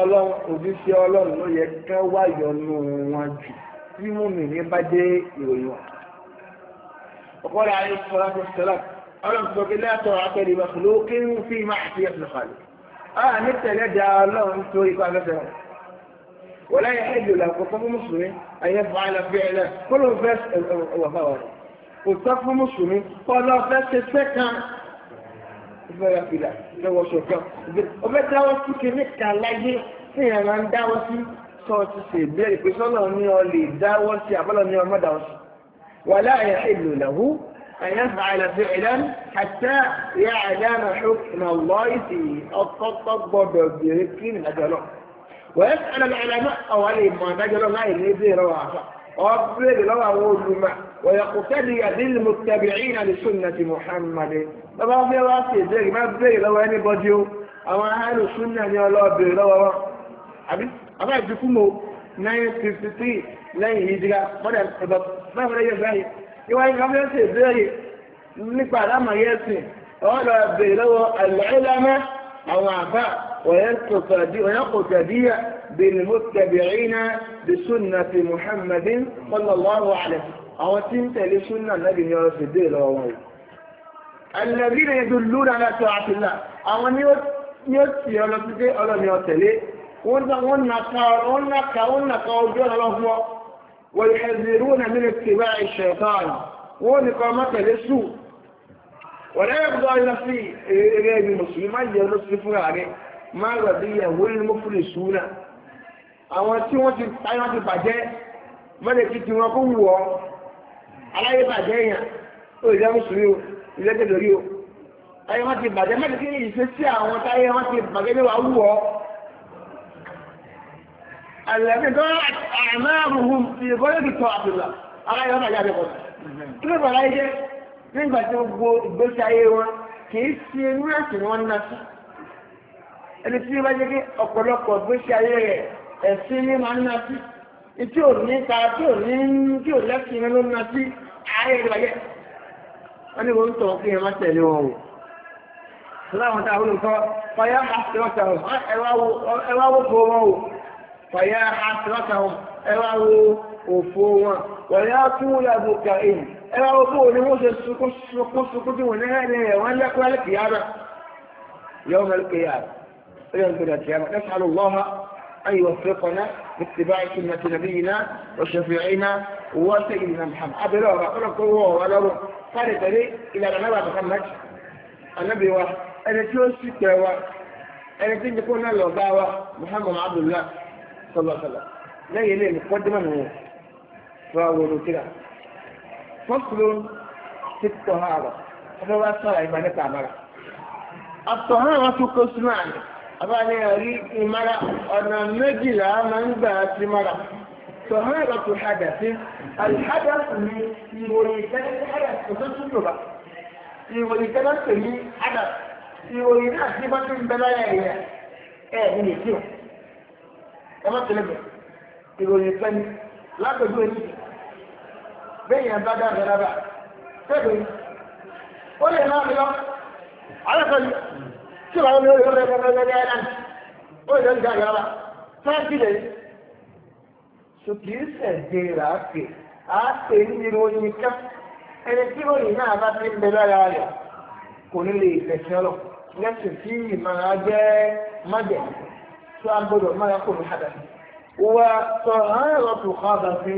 ọlọ́run òbíṣe ọlọ́run ló yẹ ká wá yọnu wọn jù tí mú mi ní bá dé ìròyìn wọn. ọ̀pọ̀ rẹ̀ ayé sọ́lá tó sọ́lá ọlọ́run sọ pé látọ̀ akẹ́rì bá fúló kí ń fi máa fi ẹ̀sùn fàlẹ̀. a ní tẹ̀lé da ọlọ́run tó ipa fẹ́fẹ́ wọn. wọ́n láyé ẹ̀jọ̀ là kọ́ fún mùsùlùmí ayé fún mùsùlùmí kọ́ lọ ìfẹ́ra fìlà ìfẹ́wọ̀ ṣọ̀kan ọbẹ̀ dáwọ́ sí kìíní kan láyé tí èèyàn máa ń dáwọ́ sí sọ ti ṣe ìbéèrè pé sọ́nà ni ọ lè dáwọ́ sí àbọ̀lọ̀ ni ọmọ dáwọ́ sí. wà láàyè èlò ìlàwó àyàn fàálà fi ìlànà àtẹ ìyá àdánà ṣùkùnà lọ́ọ̀sì ọkọ̀ọ̀kọ̀ gbọ́dọ̀ bèrè kí nìdájọ́ lọ. wọ́n yẹ kí ọ̀nà ìlànà àwọn mọ̀ ويقتدي بالمتبعين لسنة محمد طبعا في راس يزيغ ما بزيغ لو اني بجيو اما هالو سنة يا الله بي لو اما حبيب اما بكمو 953 لين هجرة مدى الحبب ما مدى يا زاي يو اني قام يسي بزيغ نقبع لما يسي اما بزيغ لو العلمة او عفاء ويقتدي بالمتبعين بسنة محمد صلى الله عليه وسلم àwọn tí ń tẹ̀lé súnà náà ní ọ̀rọ̀ sì dé lọ́wọ́ wọn yìí ẹ̀lẹ́bí ni ètò lúra lẹ́tọ̀ àtìlá àwọn ni ó ti ọlọ sí pé ọlọ́ni ọ̀tẹ̀lé wọ́n nàka wọ́n nàka wọ́n nàka ojú ọ̀nà lọ fún ọ wọ́n yẹ ẹ̀zẹ̀rú nà mí ní tìbá ìṣẹ̀tàn wọ́n ní kọ́ àwọn tí wọ́n ti táyọ̀ ti bàjẹ́ mọ́lẹ̀kì tí wọ́n kó wù ọ́ aláyé bàjẹ́ èèyàn ó lè jẹ́ mùsùlùmí o ilé tẹ̀lé rí o ayé wọn ti bàjẹ́ mẹ́tẹ̀ kí ìṣe sí àwọn táyé wọn ti bàjẹ́ bí wàá wù ọ́ àlẹ́bí tó àmọ́ àrùhùn ti gbọ́dọ̀ ti tọ́ àbùlà aláyé wọn bàjẹ́ àbẹ̀kọ̀ kí ló bàjẹ́ jẹ́ nígbà tí gbogbo ìgbésí ayé wọn kì í sí inú ẹ̀sìn wọn ná sí ẹni tí wọ́n jẹ́ kí ọ̀pọ̀lọpọ̀ ìgbésí ayé rẹ̀ ẹ̀sìn ní máa ń ná sí tí ò ní ta tí ò ní tí ò lẹ́sìn ní ló ń ná sí ààrẹ ìbàjẹ́ wọ́n ní wọ́n ń tọ̀ kí ẹ tẹ̀lé wọn o láwọn tá àwọn olùkọ́ fàyà àtìrọ́tà ẹwà wo wọn o fàyà àtìrọ́tà ẹwà wo wọn wọ̀nyá tún yàgò kàìm ẹwà wo ní wọ́n ṣe sunkún أن يوفقنا باتباع سنة نبينا وشفيعنا وسيدنا محمد لك هو قوة ولو قالت لي إلى أبا محمد النبي واحد أنا توسي كوا أنا تنجي كنا لو دعوة محمد عبد الله صلى الله عليه وسلم لا يلي مقدما هو فهو كده فصل في الطهارة هذا هو الصلاة يبقى نتعمل الطهارة قسمان a àrí ìmára ọ̀nà méjìlá máa ń gbà mara tó hádà sí alhádà ní ìròyìn ìtẹ́lẹ́sẹ̀ hádà tó tó ní hádà ìròyìn náà sí bá tó ń bẹ láyà ẹ̀ ní lè kí o ẹ ìròyìn ìfẹ́ látọ̀jú ẹni sọ̀rọ̀ lórí ọ̀rẹ́ ọ̀rẹ́ dáadáa ó lọ gbàgbà wa fásilẹ̀ ṣùgbọ́n ẹ̀dẹ̀ rà á pè á pè ní ìròyìn kan ẹni tí ìròyìn náà bá ti ń bẹ lára rẹ̀ kò ní lè fẹ̀sẹ̀ lọ lẹ́sìn tí ìmọ̀ràn jẹ́ májẹ̀ tó a gbọ́dọ̀ mára kò ní hàdà wà sọ̀rọ̀ ẹ̀rọ tó kọ́ àbá sí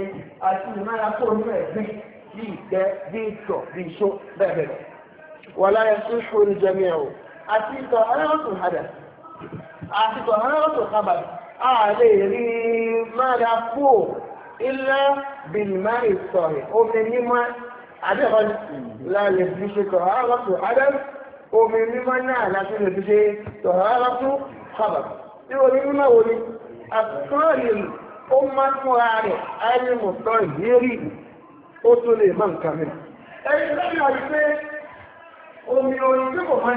àti ìmọ̀ràn kò ní ẹ̀gbìn bí ìgbẹ́ bí ìtọ̀ bí ìṣó bẹ́ẹ̀ bẹ́ẹ̀ wà láyé tó ṣòro jẹ́ mi ẹ̀rọ àti ìtọ̀ arẹ́rọ̀tò hadà àti ìtọ̀ arẹ́rọ̀tò kábàdì a lè rí mára fò ilẹ̀ bìnnìmá ìsọ̀rẹ̀ omi mímọ́ àdéhọ́ lálẹ́ fi ṣe tọ̀ arẹ́rọ̀tò hadà omi mímọ́ náà láti lè fi ṣe tọ̀ arẹ́rọ̀tò kábàdì tí omi mímọ́ omi orin tí kò máa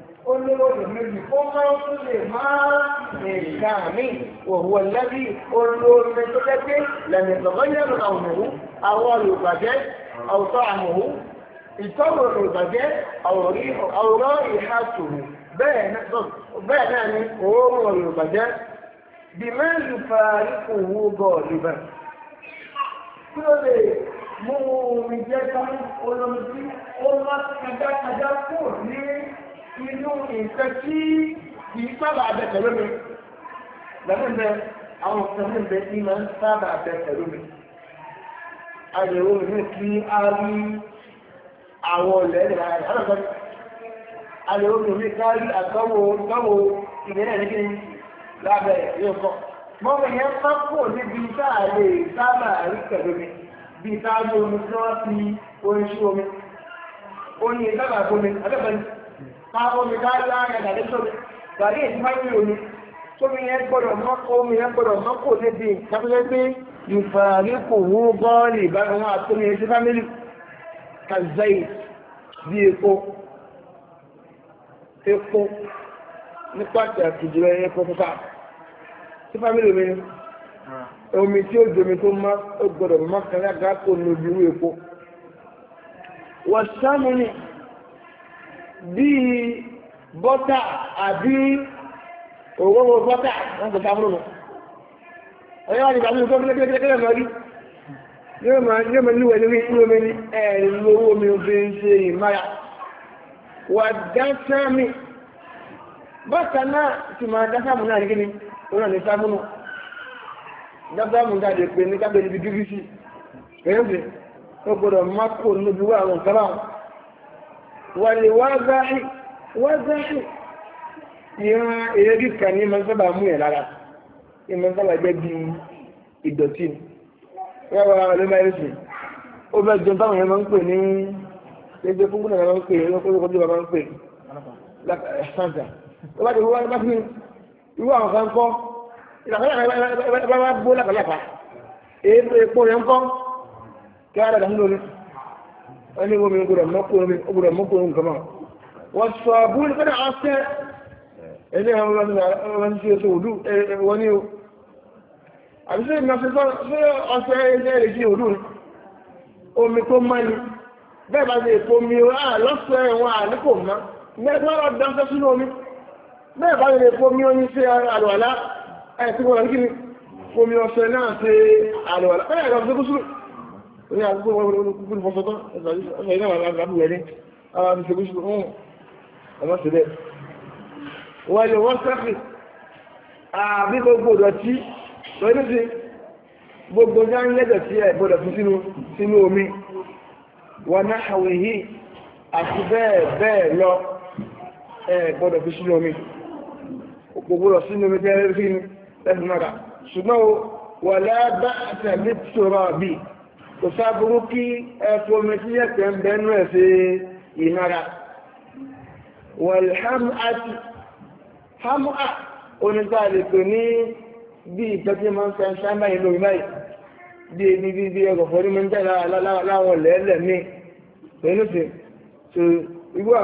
ó lówó lò méjì ó máa ń tún lè máa nǹkan mi òwò lẹ́bí olóore tó lẹ́gbẹ́ lẹ́nu ìgbàgbọ́ yẹn lọ àwòrán àwọn olùgbàjẹ́ àwòtọ́ àmọ̀wò ìtọ́wò olùgbàjẹ́ àwòrán ìhà tòun bẹ́ẹ̀ náà ni òórùn olùgbàjẹ́ bìmẹ́ ìfàárí kò wú bọ́ọ̀lù kí ló lè mú omi jẹ́ tán olómi tí ó má kájákájá kúrò ní inú nǹkan tí kì í sábà bẹ pẹ̀lú mi lẹ́nu bẹ àwọn nǹkan mi bẹ ní máa ń sábà bẹ pẹ̀lú mi àyẹ̀wò mi kí á rí àwọn ọ̀lẹ́ ìlera rẹ̀ lọ́dọ̀ àyẹ̀wò mi ká rí àtọ́wò tọ́wò ìgbẹ́lẹ̀ ní kíni lábẹ́ yóò kọ́ mọ́mọ́ yẹn máa kó níbi tá a sábà rí pẹ̀lú mi bíi tá a omi tí wọ́n fi orin omi ó sábà bomi abẹ́bẹ́ni káwọn mi dá láàrin àdàdé sómi gàrí ìsúmáyé omi sómi yẹn gbọ́dọ̀ mọ́kọ́ omi yẹn gbọ́dọ̀ mọ́kọ́ níbi nǹkan tó gbé ìfààrí kò wú bọ́ọ̀lì bákan wọn àtúnmí ẹsẹ fámìlì kàzáì bí epo epo ní pàtàkì jùlọ epo fífà tí fámìlì mi omi tí ó domi tó má ó gbọ́dọ̀ mọ́kànlá gàkó lóbi irú epo wọ́n sáà mi ní bíi bọ́tà àbí òwòwò bọ́tà wọ́n kò sá fúnnù ọ̀yọ́ wà ní ìgbàlú tó kílẹ̀ kílẹ̀ kílẹ̀ mọ́rí yóò mọ̀ níwẹ̀ lórí inú omi ní ẹ̀rù owó mi fi ń ṣe ìmára wà dáńsámi bọ́tà náà ti máa dáńsámù náà nígbìn òun náà ní sáfúnnù dáńsámù jáde pé ní kábẹ́ níbi gírísì pẹ̀lú ó gbọ́dọ̀ má kó níbi wà àwọn ìkọ́láwọn wàlíwázáì wázáì ìran èrédì kan ní máa sábà mú yẹn lára ní máa sábà jẹ́ bí ìdọ̀tí ni wọ́n wá wà lóba ẹ̀rọ sùn ó bẹ jẹun táwọn yẹn máa ń pè ní ẹgbẹ́ fún gbọ́dọ̀ máa ń pè ní ọkọ̀ ìjọba máa ń pè lápá ó bá ti wọ́n bá fi irú àwọn kan kọ́ ìlànà ìbá bó lápá lápá èèpo rẹ̀ ń kọ́ kí wọ́n á dàgbà nínú wọ́n ní e, e, omi gbọ́dọ̀ mọ́kùnrin nǹkan mọ́ wọ́n sọ àbúrò ní kọ́dà ọ̀sẹ̀ ya na ọmọ ti ṣe o àbí sí ìmọ̀ sí ọ̀sẹ̀ ẹgbẹ́ rẹ̀ sí omi tó mọ́ ni bẹ́ẹ̀ bá ṣe èpo omi lọ́sẹ̀ ẹ̀wọ̀n àníkò omi bẹ́ẹ̀ bá ṣe èpo omi oyin sí àlùwàlá ẹ̀ oní àgbò olókùnkùn fọ́sọ́tọ́ ẹ̀sọ̀ iná àbúrẹ̀ ní ara mi ṣe gbóṣù ọ̀hún ọmọ sí bẹ́ẹ̀ wọ́n lè wọ́n sẹ́fì àbí gbogbo ní àńlẹ́dọ̀ sí ẹ̀ gbọdọ̀ fún sínú omi wọn náà àwòhí àti bẹ́ẹ̀ bẹ́ẹ̀ lọ ẹ̀ gbọdọ̀ fún sínú omi gbogbo sínú omi jẹ́ rẹ́rẹ́ fún mi náà ṣùgbọ́n wọ́n lẹ́ bá àtẹ̀lé sọ̀rọ̀ kò sáburú kí ẹfọ omi sí ẹ̀pẹ̀ ń bẹnu ẹ̀ sí ìnara wàlhámàtì hámà onítàlẹ̀pẹ̀ ní bí ìtọ́jú máa ń sàn sábà ìlú báyìí bí ebi bí bí ẹ̀kọ́ fọ́rí máa ń jẹ́ láwọn lẹ́lẹ̀ mi pẹ̀lú sí so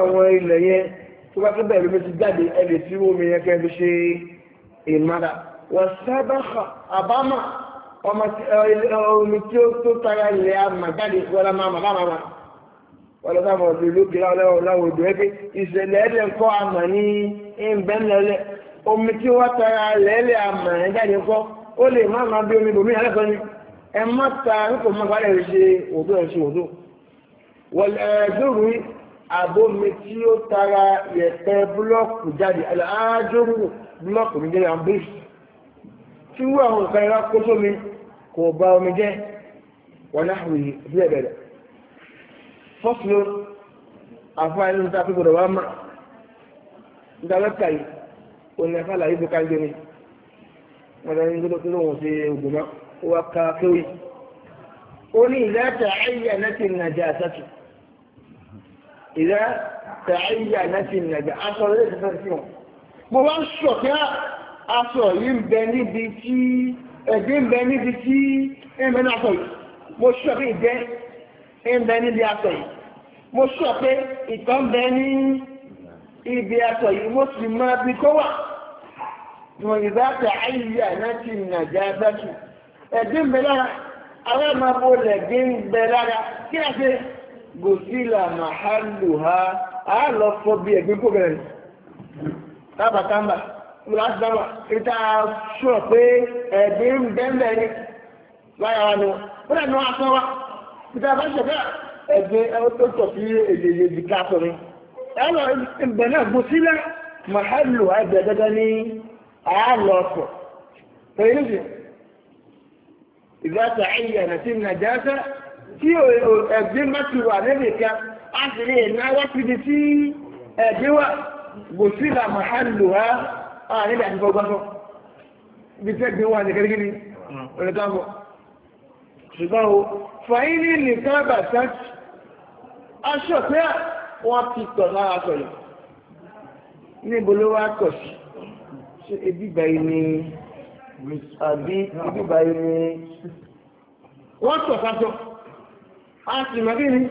àwọn ilẹ̀ yẹn tó bá tó bẹ̀rẹ̀ lómi jáde ẹ̀ lè fi omi yẹn kẹ́ fi ṣe ìmara wà sábà ọmọ omi tí ó tó tara ilẹ̀ àmà jáde wọlé máa mà bámà mà wọlé sáà mọ̀ ọ̀dọ̀ lókè láwọn ọ̀dọ̀ ẹgbẹ́ ìṣẹ̀lẹ̀ ẹ̀dẹ̀ ńkọ́ àmà ní ìbẹ́ńlẹ̀lẹ̀ omi tí wọ́n tara ilẹ̀ àmà jáde ńkọ́ ó lè má má bí omi bòmí alẹ́ sọ́ni ẹ má ta nípa má bá lè ṣe òdó ẹ̀ ṣe òdó wọlé ẹ̀ẹ́dọ́rù àbomi tí ó tara yẹ̀pẹ̀ búlọ́ọ̀kù jáde àjọrù búlọ́ọ̀kù mi jẹ́ wọ́n àwọn nǹkan ẹ̀rọ kó sómi kò bá omi jẹ́ wọn náà wì bí ẹ̀bẹ̀rẹ̀ fọ́sùlù àfáàní níta tó gbọdọ̀ wá mà níta lọ́kà yìí òní afáàlà yìí fi káńgbé mi wọn náà ní gbọdọ̀ tó lóun ṣe ògùn mọ́ ó wá ká ìlà tàáyà láti nàjà àsàtù ìlà tàáyà láti nàjà aṣọ lórí ìtẹ́fẹ́ sí wọn mo wá ń sọ pé aṣọ yìí ń bẹ níbi tí. ẹ̀dí ń bẹ níbi tí ń náà sọ yìí mo pé ìgbẹ́ ń bẹ níbi yìí mo pé bẹ ní ibi aṣọ yìí mo sì máa bí kó wà wọn ìbá tẹ ń bẹ lára àwọn ń bẹ lára kí ṣe ha àá lọ fọ bí ẹ̀gbẹ́ kó láti dámà ìta ṣúrọ̀ pé ẹ̀gbìn ń bẹ́ẹ̀ ní láyà wa ni wọ́n náà aṣọ wa ìta bá ṣe bẹ́ẹ̀ ẹ̀gbìn tó tọ̀ sí èdè èdè ká sọ ni. ẹ̀rọ ìgbẹ́ náà gbó sílẹ̀ màhálù ẹgbẹ́ dandan ní àálọ́ ọ̀pọ̀ pẹ̀lú ìgbàta ẹ̀yà àti nàjàṣà tí ẹ̀gbìn bá ti wà níbi kan á sì rí ìnáwó síbi tí ẹ̀gbìn wà gbó sílẹ̀ màhálù ẹ̀ a ah, níbi àti fọgbọ́n sọ ibi tẹ́ gbé wà ní kẹ́ríkẹ́rí rẹ̀ káàbọ̀ ṣùgbọ́n o fàílì nìkan bà sáàtì aṣọ pé wọ́n ti tọ̀ lára aṣọ yìí níbo ló wá tọ̀ sí ṣe ibi báyìí ni àbí ibi báyìí ni wọ́n tọ̀ sáṣọ a sì mọ̀ kí ni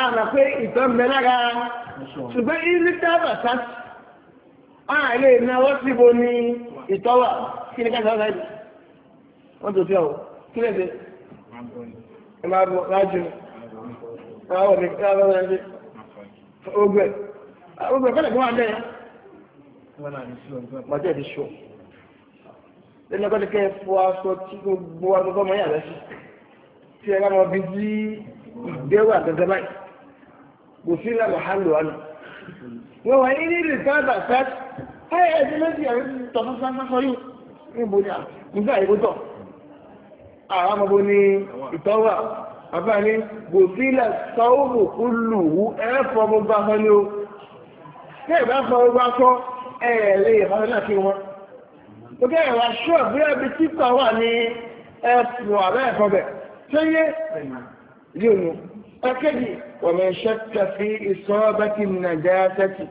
a mọ̀ pé ìtọ́ mẹ́lára ṣùgbọ́n ilé tábà sáàtì a lè náwó ní ìtọ́wà kí ni káṣíwá sáyé wọ́n tó fi ọ̀wọ́ kí lè ṣe ẹ máa bọ̀ lájú ọwọ́ mi kí wọ́n ṣe ogbẹ̀ ogbẹ̀ kọ́lẹ̀ kí wọ́n adé yẹn. Màtí ẹ̀ ti sọ. Lẹ́nu ọkọ̀ ti kẹ́ fọ aṣọ tí gbogbo aṣọ tó mọ yàrá sí. Tí ẹ bá mọ bí jí ìgbéwà gẹ́gẹ́ báyìí. Kò sí ìlànà wà ní ní ẹ̀ẹ́dẹ́ méjì ẹ̀rí tọ̀tún sáńsọ́ yóò níbo ni nígbà ìwòtọ̀ àwọn ọmọ ní ìtọ́wà bàbá ní gòsílẹ̀ sọ́ọ̀bù kúlùú ẹ̀fọ́ gbogbo afọ́ ní o tí ẹ̀bá fọ́ gbogbo afọ́ ẹ̀ẹ̀lẹ́ ìfọ́sọ́ náà kí ó kẹ́ ẹ̀wà ṣọ́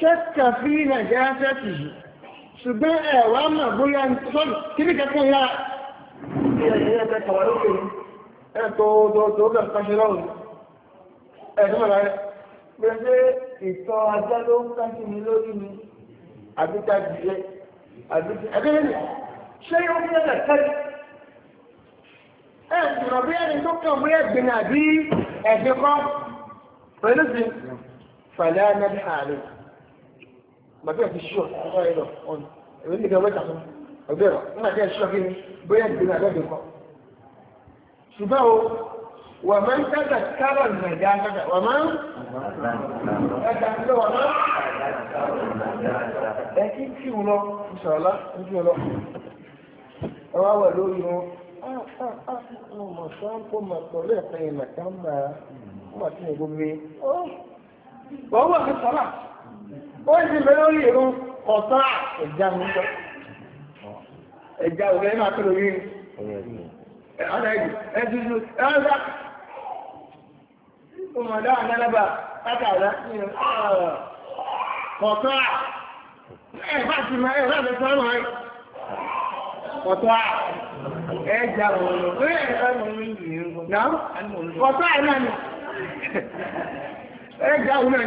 ṣẹ́kà fi nàìjíríà ṣẹ́kì yìí ṣùgbọ́n ẹ̀wà mọ̀ bóyá sọ́nà kí ní kẹ́kọ̀ọ́ yá ẹ̀ẹ́dẹ́gbẹ́ kọ̀wá lókè ẹ̀tọ́ ọdọọdọ bẹ̀rẹ̀ pàṣẹ lọ́rùn ẹ̀ẹ́dẹ́gbẹ́ rẹ̀ pẹ̀lú ìtọ́ ajá ló ń kájú mi lórí mi àbíta jìlẹ̀ àbíta ẹ̀ẹ́dẹ́gbẹ́ ṣé ó ń yẹ̀lẹ̀ kẹ́lẹ̀ ẹ̀ ṣùgbọ́n bí ẹni gbàgbé ẹ̀ ti ṣúọ̀ ọ̀rọ̀ ẹ̀ lọ ọ̀nà èmi nìkan wẹ́tà fún ọ̀gbẹ́ rọ̀ nígbà tí ẹ̀ ṣúọ̀ kí ni bóyá ìgbé náà lẹ́gbẹ̀ẹ́ kọ́. ṣùgbọ́n o wà máa ń tẹ́tà kárọ̀ nàìjà tẹ́tà wà máa ń tẹ́tà ń lọ wà máa ń ẹ kí kí n lọ ìṣọ̀lá ń kí n lọ. ẹ wá wà lórí wọn mo mọ̀ sáńpọ̀ mọ̀ sọ̀rọ̀ ẹ̀fẹ̀ ìmọ̀ kan máa wà sí ìgbómi. wọ́n wà ní sọ́lá. ó sì bẹ lórí ìrún ọ̀sán ẹ̀já mú lọ ẹ̀já òun ẹ̀ máa tó lórí ọ̀nà ẹ̀jù ẹ̀dúdú ẹ̀rọ ọmọdé àgbàlagbà látàlá ọ̀sán ẹ̀ bá ti máa ẹ̀ bá ti sọ́nà ẹ̀ kọ̀tọ́ ẹ̀jà òun náà ni ẹ̀jà òun náà ni.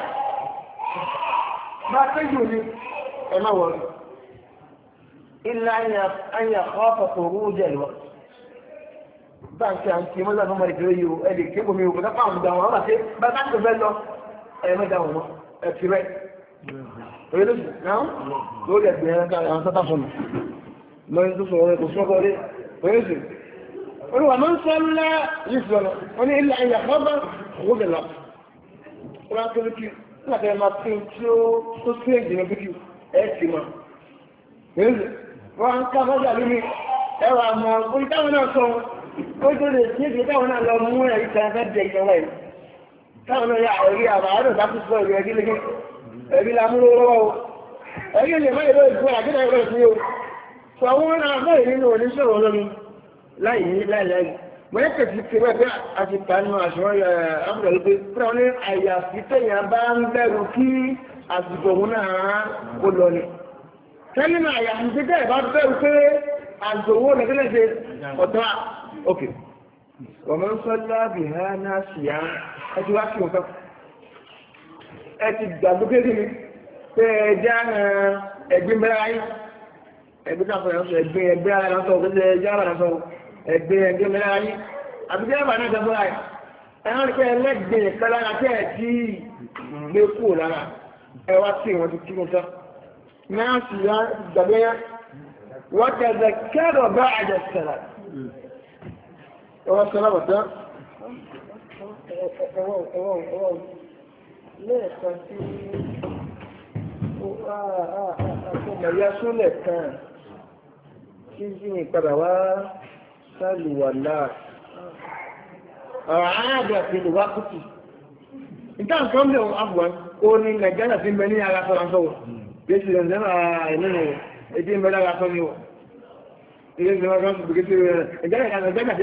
bá kéjù ni ẹ má wọlé ilé ayà kọ́ọ̀fà tó rú jẹ lọ báńkì àǹtí mọ́tà fún mọ́tà ìkéré yìí o ẹ lè ké bomi o kò dápọ̀ àwọn ìdáwọn àwọn àti bàbá tó fẹ́ lọ ẹ mẹ́ta wọn ẹ ti rẹ oye lóṣù náà lórí ẹgbẹ́ ẹ̀ka àwọn sátá fún mi lọ́yìn tó sọ̀rọ̀ kò sọ́kọ̀ rí oye lóṣù olùwà máa ń sọ ńlá yìí sọ̀rọ̀ wọn ni ilé ayà kọ́ọ̀fà tó rú nígbàtí ẹ máa pín tí ó tó sí èdè ní bíkì ẹ sì mọ̀. wọ́n ká fọ́jà lómi ẹwà àmọ́ orí táwọn náà sọ ó tó lè sí èdè táwọn náà lọ mú ẹ̀rí tí a fẹ́ jẹ ìjọba yìí táwọn náà yà ọ̀rí àmọ́ àádọ́ bá kúkú ẹ̀rí ẹ̀rí lé ẹ̀rí la múlò lọ́wọ́ o ẹ̀rí lè má ìlú ìgbó àti ìlú ìgbó sí o sọ wọn náà bẹ́ẹ̀ nínú oníṣòro lómi láì ní mọ̀lẹ́kẹ̀ ti ti rẹ̀ pé àti pàánù àṣọyọ̀ àbúrò wípé fúnra wọn ní àyàfi tẹ̀yìn bá ń bẹ̀rù kí àsìkò òun náà kó lọ ni. sẹ́ni náà àyàfi ti tẹ̀yìn bá bẹ̀rù pé àsìkò owó rẹ̀ tẹ́lẹ̀ ṣe ọ̀tọ́ à. ok wọ́n máa ń sọ náà sì á ẹ ti wá sí nǹkan. ẹ ti gbàgbé kékeré ni pé ẹ já ẹgbẹ́ mẹ́ra yín ẹgbẹ́ káfọ́ ẹgbẹ́ ẹgbẹ́ ara sọ̀rọ̀ ẹgbẹ́ ẹgbẹ́ mẹ́ra yí àbíkẹ́ ẹ̀bà náà jẹ́ bọ́ra ẹ̀hán rí pé ẹlẹ́gbẹ̀ẹ́ kan lára tẹ́ ẹ̀ tí gbé kúrò lára ẹ wá sí ìwọ̀n tuntun mú tán náà sì yá gbàgbé yá wọ́n tẹ̀sẹ̀ kẹ́rọ̀ bá àjẹ sẹ̀rà ẹwọ́n sọ́lá bọ̀ tán lẹ́ẹ̀kan tí ó mọ̀ yá sólẹ̀ kan tí yìí padà wá sálùwàlá àádà fi lè wá kùtù ìtàn kan bẹ̀ àbùwá ó ní nàìjíríà fi mẹ ní ara sọ̀rọ̀ sọ̀rọ̀ bí èsì rẹ̀ nígbà ìnínú èdè mẹ́lá ara sọ̀rọ̀ ni wọ̀ ilé ìgbìmọ̀ kan fi bìkítì rẹ̀ nàìjíríà fi a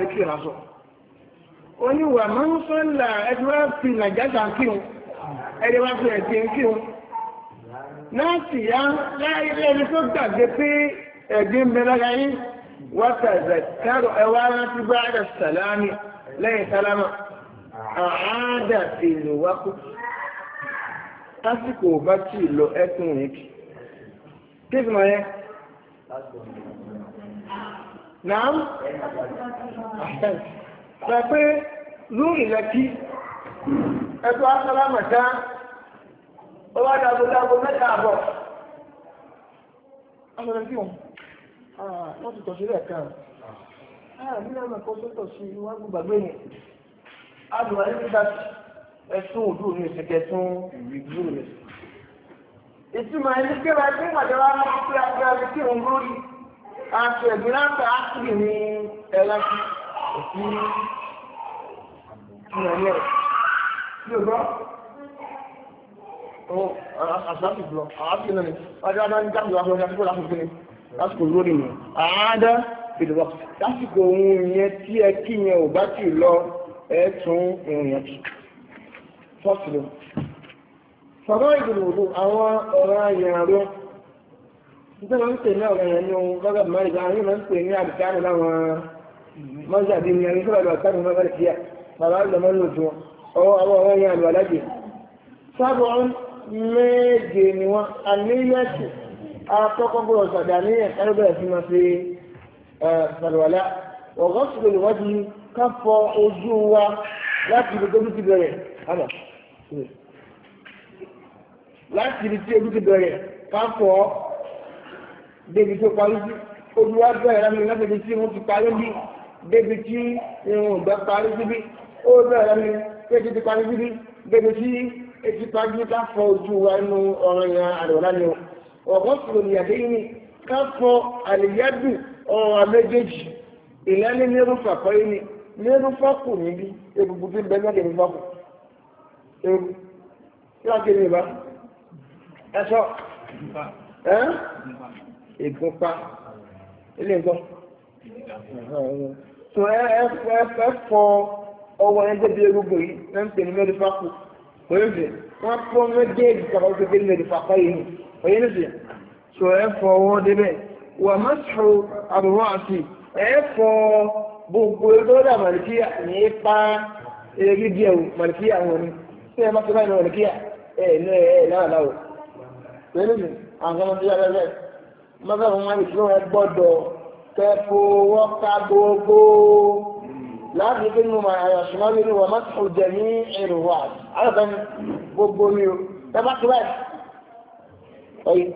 rí kí ìrìn aṣọ oníwà máa ń sọ́là ẹni wá fi nàìjíríà kí wọn ẹni wá fi ẹ̀sìn kí wọn náà sì yá láì lẹ́ni tó gbàgbé pé ẹ̀gbín bẹ lára yín wátàzẹ̀ kárò ẹwà rántí bá àdà sàlámì lẹ́yìn sálámà àádà èlò wákú lásìkò bá tí lọ ẹkùn rẹ̀ kí kí sì máa yẹ náà pẹ̀pẹ́ lórí lẹ́kí ẹ̀tọ́ asálámà ó wá dágbódágbó mẹ́ta àbọ̀ wọ́n ti tọ̀sí rẹ̀ kan àmì náà mẹ́kọ́ tó tọ̀sí wọ́n gbọ́ gbàgbé yẹn adùn ayé nígbà ẹ̀sùn òdù mi ò sì kẹsùn ìrìgbù rẹ̀ ìtumọ̀ ẹni pé wọ́n ti ń pàdé wá mọ́ pé agbára ti kí òun lórí aṣọ ẹ̀gbìn láǹtà áṣìlì ní ẹlẹ́sì òsì ìrọ̀lẹ́ tí o gbọ́ àṣà ti gbọ́ àwọn àti ìlànà ọjọ́ adá ní jáde wá fún ọjọ́ àti kó láti gbé lásìkò lórí mi àádá ìdìbò lásìkò ohun yẹn tí ẹ kí yẹn ò bá tì lọ ẹ tún ìrìn yẹn fọ́sùlù fọ́rọ́ ìdìbò àwọn ọ̀rọ̀ ayẹ̀rọ nígbà máa ń pè ní ọ̀rọ̀ yẹn ní ohun gbọ́dọ̀ máa ń gbà ní máa ń pè ní àbùkárù láwọn mọ́jà bí ní ẹni sọ́dọ̀ àbùkárù máa bẹ̀rẹ̀ síyà bàbá àgbà máa ń lò fún ọwọ́ àwọn ọ̀rọ̀ yẹn akọ́kọ́ gbọ́dọ̀ sàdá ní ẹ̀kọ́ bẹ̀rẹ̀ sí máa fi sàlùwàlá ọ̀gọ́ sùgbọ́n ìwádìí ká fọ ojú wa láti ibi tó ti bẹ̀rẹ̀ àmà láti ibi tí ojú ti bẹ̀rẹ̀ ká fọ débi tó parí sí ojú wa bẹ̀rẹ̀ láti láti ibi tí wọ́n ti parí bí débi tí irun ìgbà parí síbí ó bẹ̀rẹ̀ láti kéde ti parí síbí débi tí etí parí ká fọ ojú wa nínú ọ̀rọ̀ yẹn àdọ̀lá ni o ọ̀gọ́sùn ìyàdé yìí ká fọ àlìyádùn ọ̀rọ̀ àmẹ́jẹ́jì ìlànà mẹ́rùfà kọ́ yìí ni mẹ́rùfà kù níbi egbùgbù tí ń bẹ lọ́dẹ̀ mẹ́fà kù ewu tí wọ́n kéde ìbá ẹ̀ṣọ́ ẹ́ ìgúnpá ilé nǹkan tó ẹ fọ ọwọ́ ẹ jẹ́ bí egungun yìí ẹ ń pè ní mẹ́rùfà kù pẹ̀lú ìfẹ́ wọ́n fọ́ mẹ́jẹ́jì kàkọ́ kékeré mẹ́rùfà kọ́ yìí oyin ní sí so ẹ fọ ọwọ́ débẹ̀ wà mọ́sù àbúrò àti ẹ fọ gbogbo tó dà màlìkíyà ní ipa eré díẹ̀ o màlìkíyà wọn ni tí ẹ má ti báyìí ní màlìkíyà ẹ ní ẹ náà láwọ oyin ní sí àwọn ọmọ tó yà lẹ́lẹ́ mọ́sù àwọn màlìkí wọn gbọ́dọ̀ kẹfọ e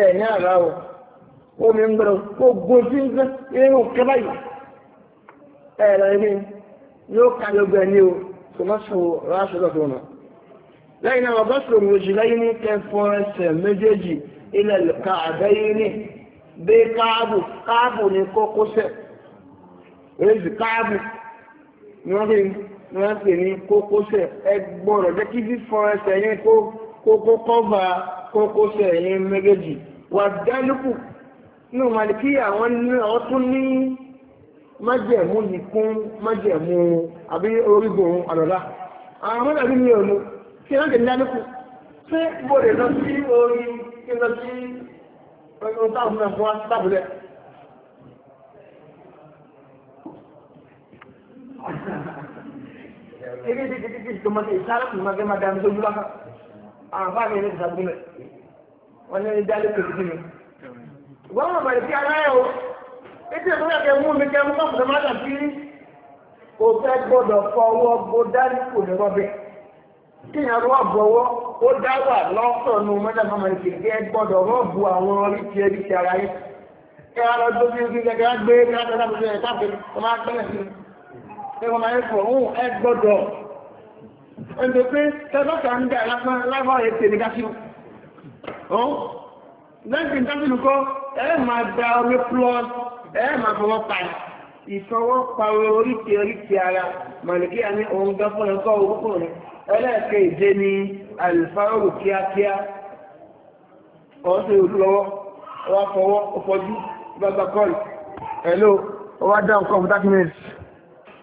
ẹ ní àrà o omi ń bẹ̀rẹ̀ kó gbó sí ń sẹ́ irú kẹfà yìí ẹ yóò ká o kò má sọ ráṣọ lọ́tọ̀ ọ̀nà lẹ́yìn náà ọba sọ̀rọ̀ òjì lẹ́yìn ní kẹfọ́ ẹsẹ̀ méjèèjì ilẹ̀ ká àbẹ́yìn ní bí káàbù káàbù ní kókósẹ̀ kókó kọ́ba kókósẹ̀ yẹn méjèèjì wà dálùkù nínú màlìkí àwọn náà tún ní májẹ̀mú yìí kún májẹ̀mú àbí orígun àlọ́lá àwọn ọmọdé àbí mi ò nu kí wọ́n tẹ̀lé dálùkù ṣé mo lè lọ sí orí kí n lọ sí ọdún táwọn náà fún wa tábùlẹ̀. Ini di titik-titik cuma isyarat, cuma dia madam tu juga àǹfà mi ní ìsàgbìmẹ̀ wọ́n ní ìdálé kò sí mi. wọ́n mọ̀ bàrẹ̀ sí ara ẹ̀ o ètò ìfún yàtọ̀ mú mi kẹ́ mú kọ́ fún ọmọdé àti o fẹ́ gbọ́dọ̀ fọwọ́ bó dárí kò ní rọ́bẹ̀ kí ni àwọn àbọ̀wọ́ ó dá wà lọ́sọ̀nù mọ́tà fọmọ ìkèké gbọ́dọ̀ rọ́ọ̀bù àwọn oríṣi ẹbí ti ara yẹn kí a lọ tó bí ibi gẹ́gẹ́ gbé kí wọ́n lọ tó bí ibi gẹ́gẹ́ gbé kí ẹgbẹ́ pé tẹ́lọ́kà ń gbà lábá ètè ní gáṣíò ọ́n lẹ́gbẹ̀ ìdájúlù kọ́ ẹ máa da omi plus ẹ máa fọwọ́ pa ìfọwọ́ pa oríkì oríkì ara màlìkí àní òun gbá fún ẹ̀kọ́ orúkọ rẹ̀ ẹlẹ́ẹ̀kẹ́ ìdé ni àlùfáàrù kíákíá ọ̀ọ́sẹ̀ olúlọ́wọ́ ọwọ́ fọwọ́ ọfọjú bàbá kọ́ọ̀lù hello ọwọ́ dáhùn kọ́ọ̀mù 30 minutes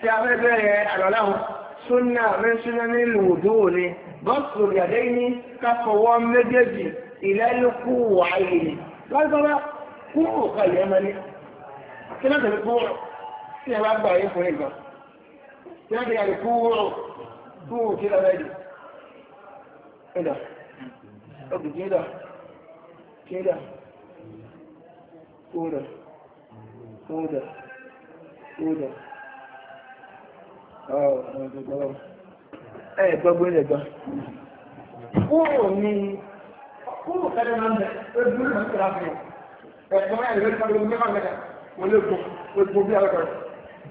tí a fẹ́ bẹ̀rẹ̀ àlọ́lá wọn súnà mẹ́súnà nílùú òdó ni gọ́ọ̀sù ìyàdé ní káfọwọ́ méjèèjì ìlẹ́lùkù wáyé ni lọ́sọ́lá kú òkà ilẹ̀ ẹ̀mọ́ ni kí náà tẹ̀lé kúrò tí a bá gbà yín fún ìgbà tí a tẹ̀lé kúrò kú òkè lọ́wọ́ ẹ̀dì ẹ̀dà ọkùn kí ẹ̀dà kúrò kúrò kúrò ẹ gbọ́gbọ́ ilẹ̀ gan kúrò ní kúrò kẹ́lẹ́ máa ń bẹ̀ ojú ìmọ̀ ìtura fún ẹ̀ ẹ̀sùn mẹ́rin lórí kan lórí mẹ́fà mẹ́ta mo lè gbọ́ egbò bí àwọn ọ̀rọ̀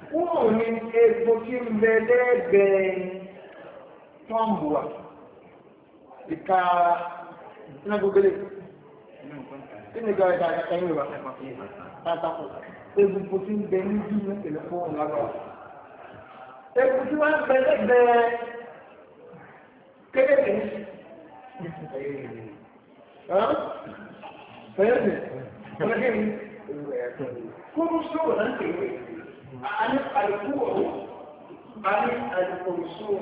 kúrò ní egbò tí ń bẹ lẹ́gbẹ̀ẹ́ tọ́ǹbù wa ìka iná gbogbo lè kí ni gbọ́ ẹ̀ka ẹ̀ka ẹ̀yìn wa pàtàkì egbò tí ń bẹ ní bí mẹ́tẹ̀lẹ́ fún ọ̀nà àgbà ẹkù tí wọ́n ń bẹ lẹ́gbẹ̀ẹ́ kékeré fẹ́ẹ̀sì ọ̀rẹ́gẹ́ni kúrú sóòrò náà tèwé àní àlùkúwòrò àní àlùkòrò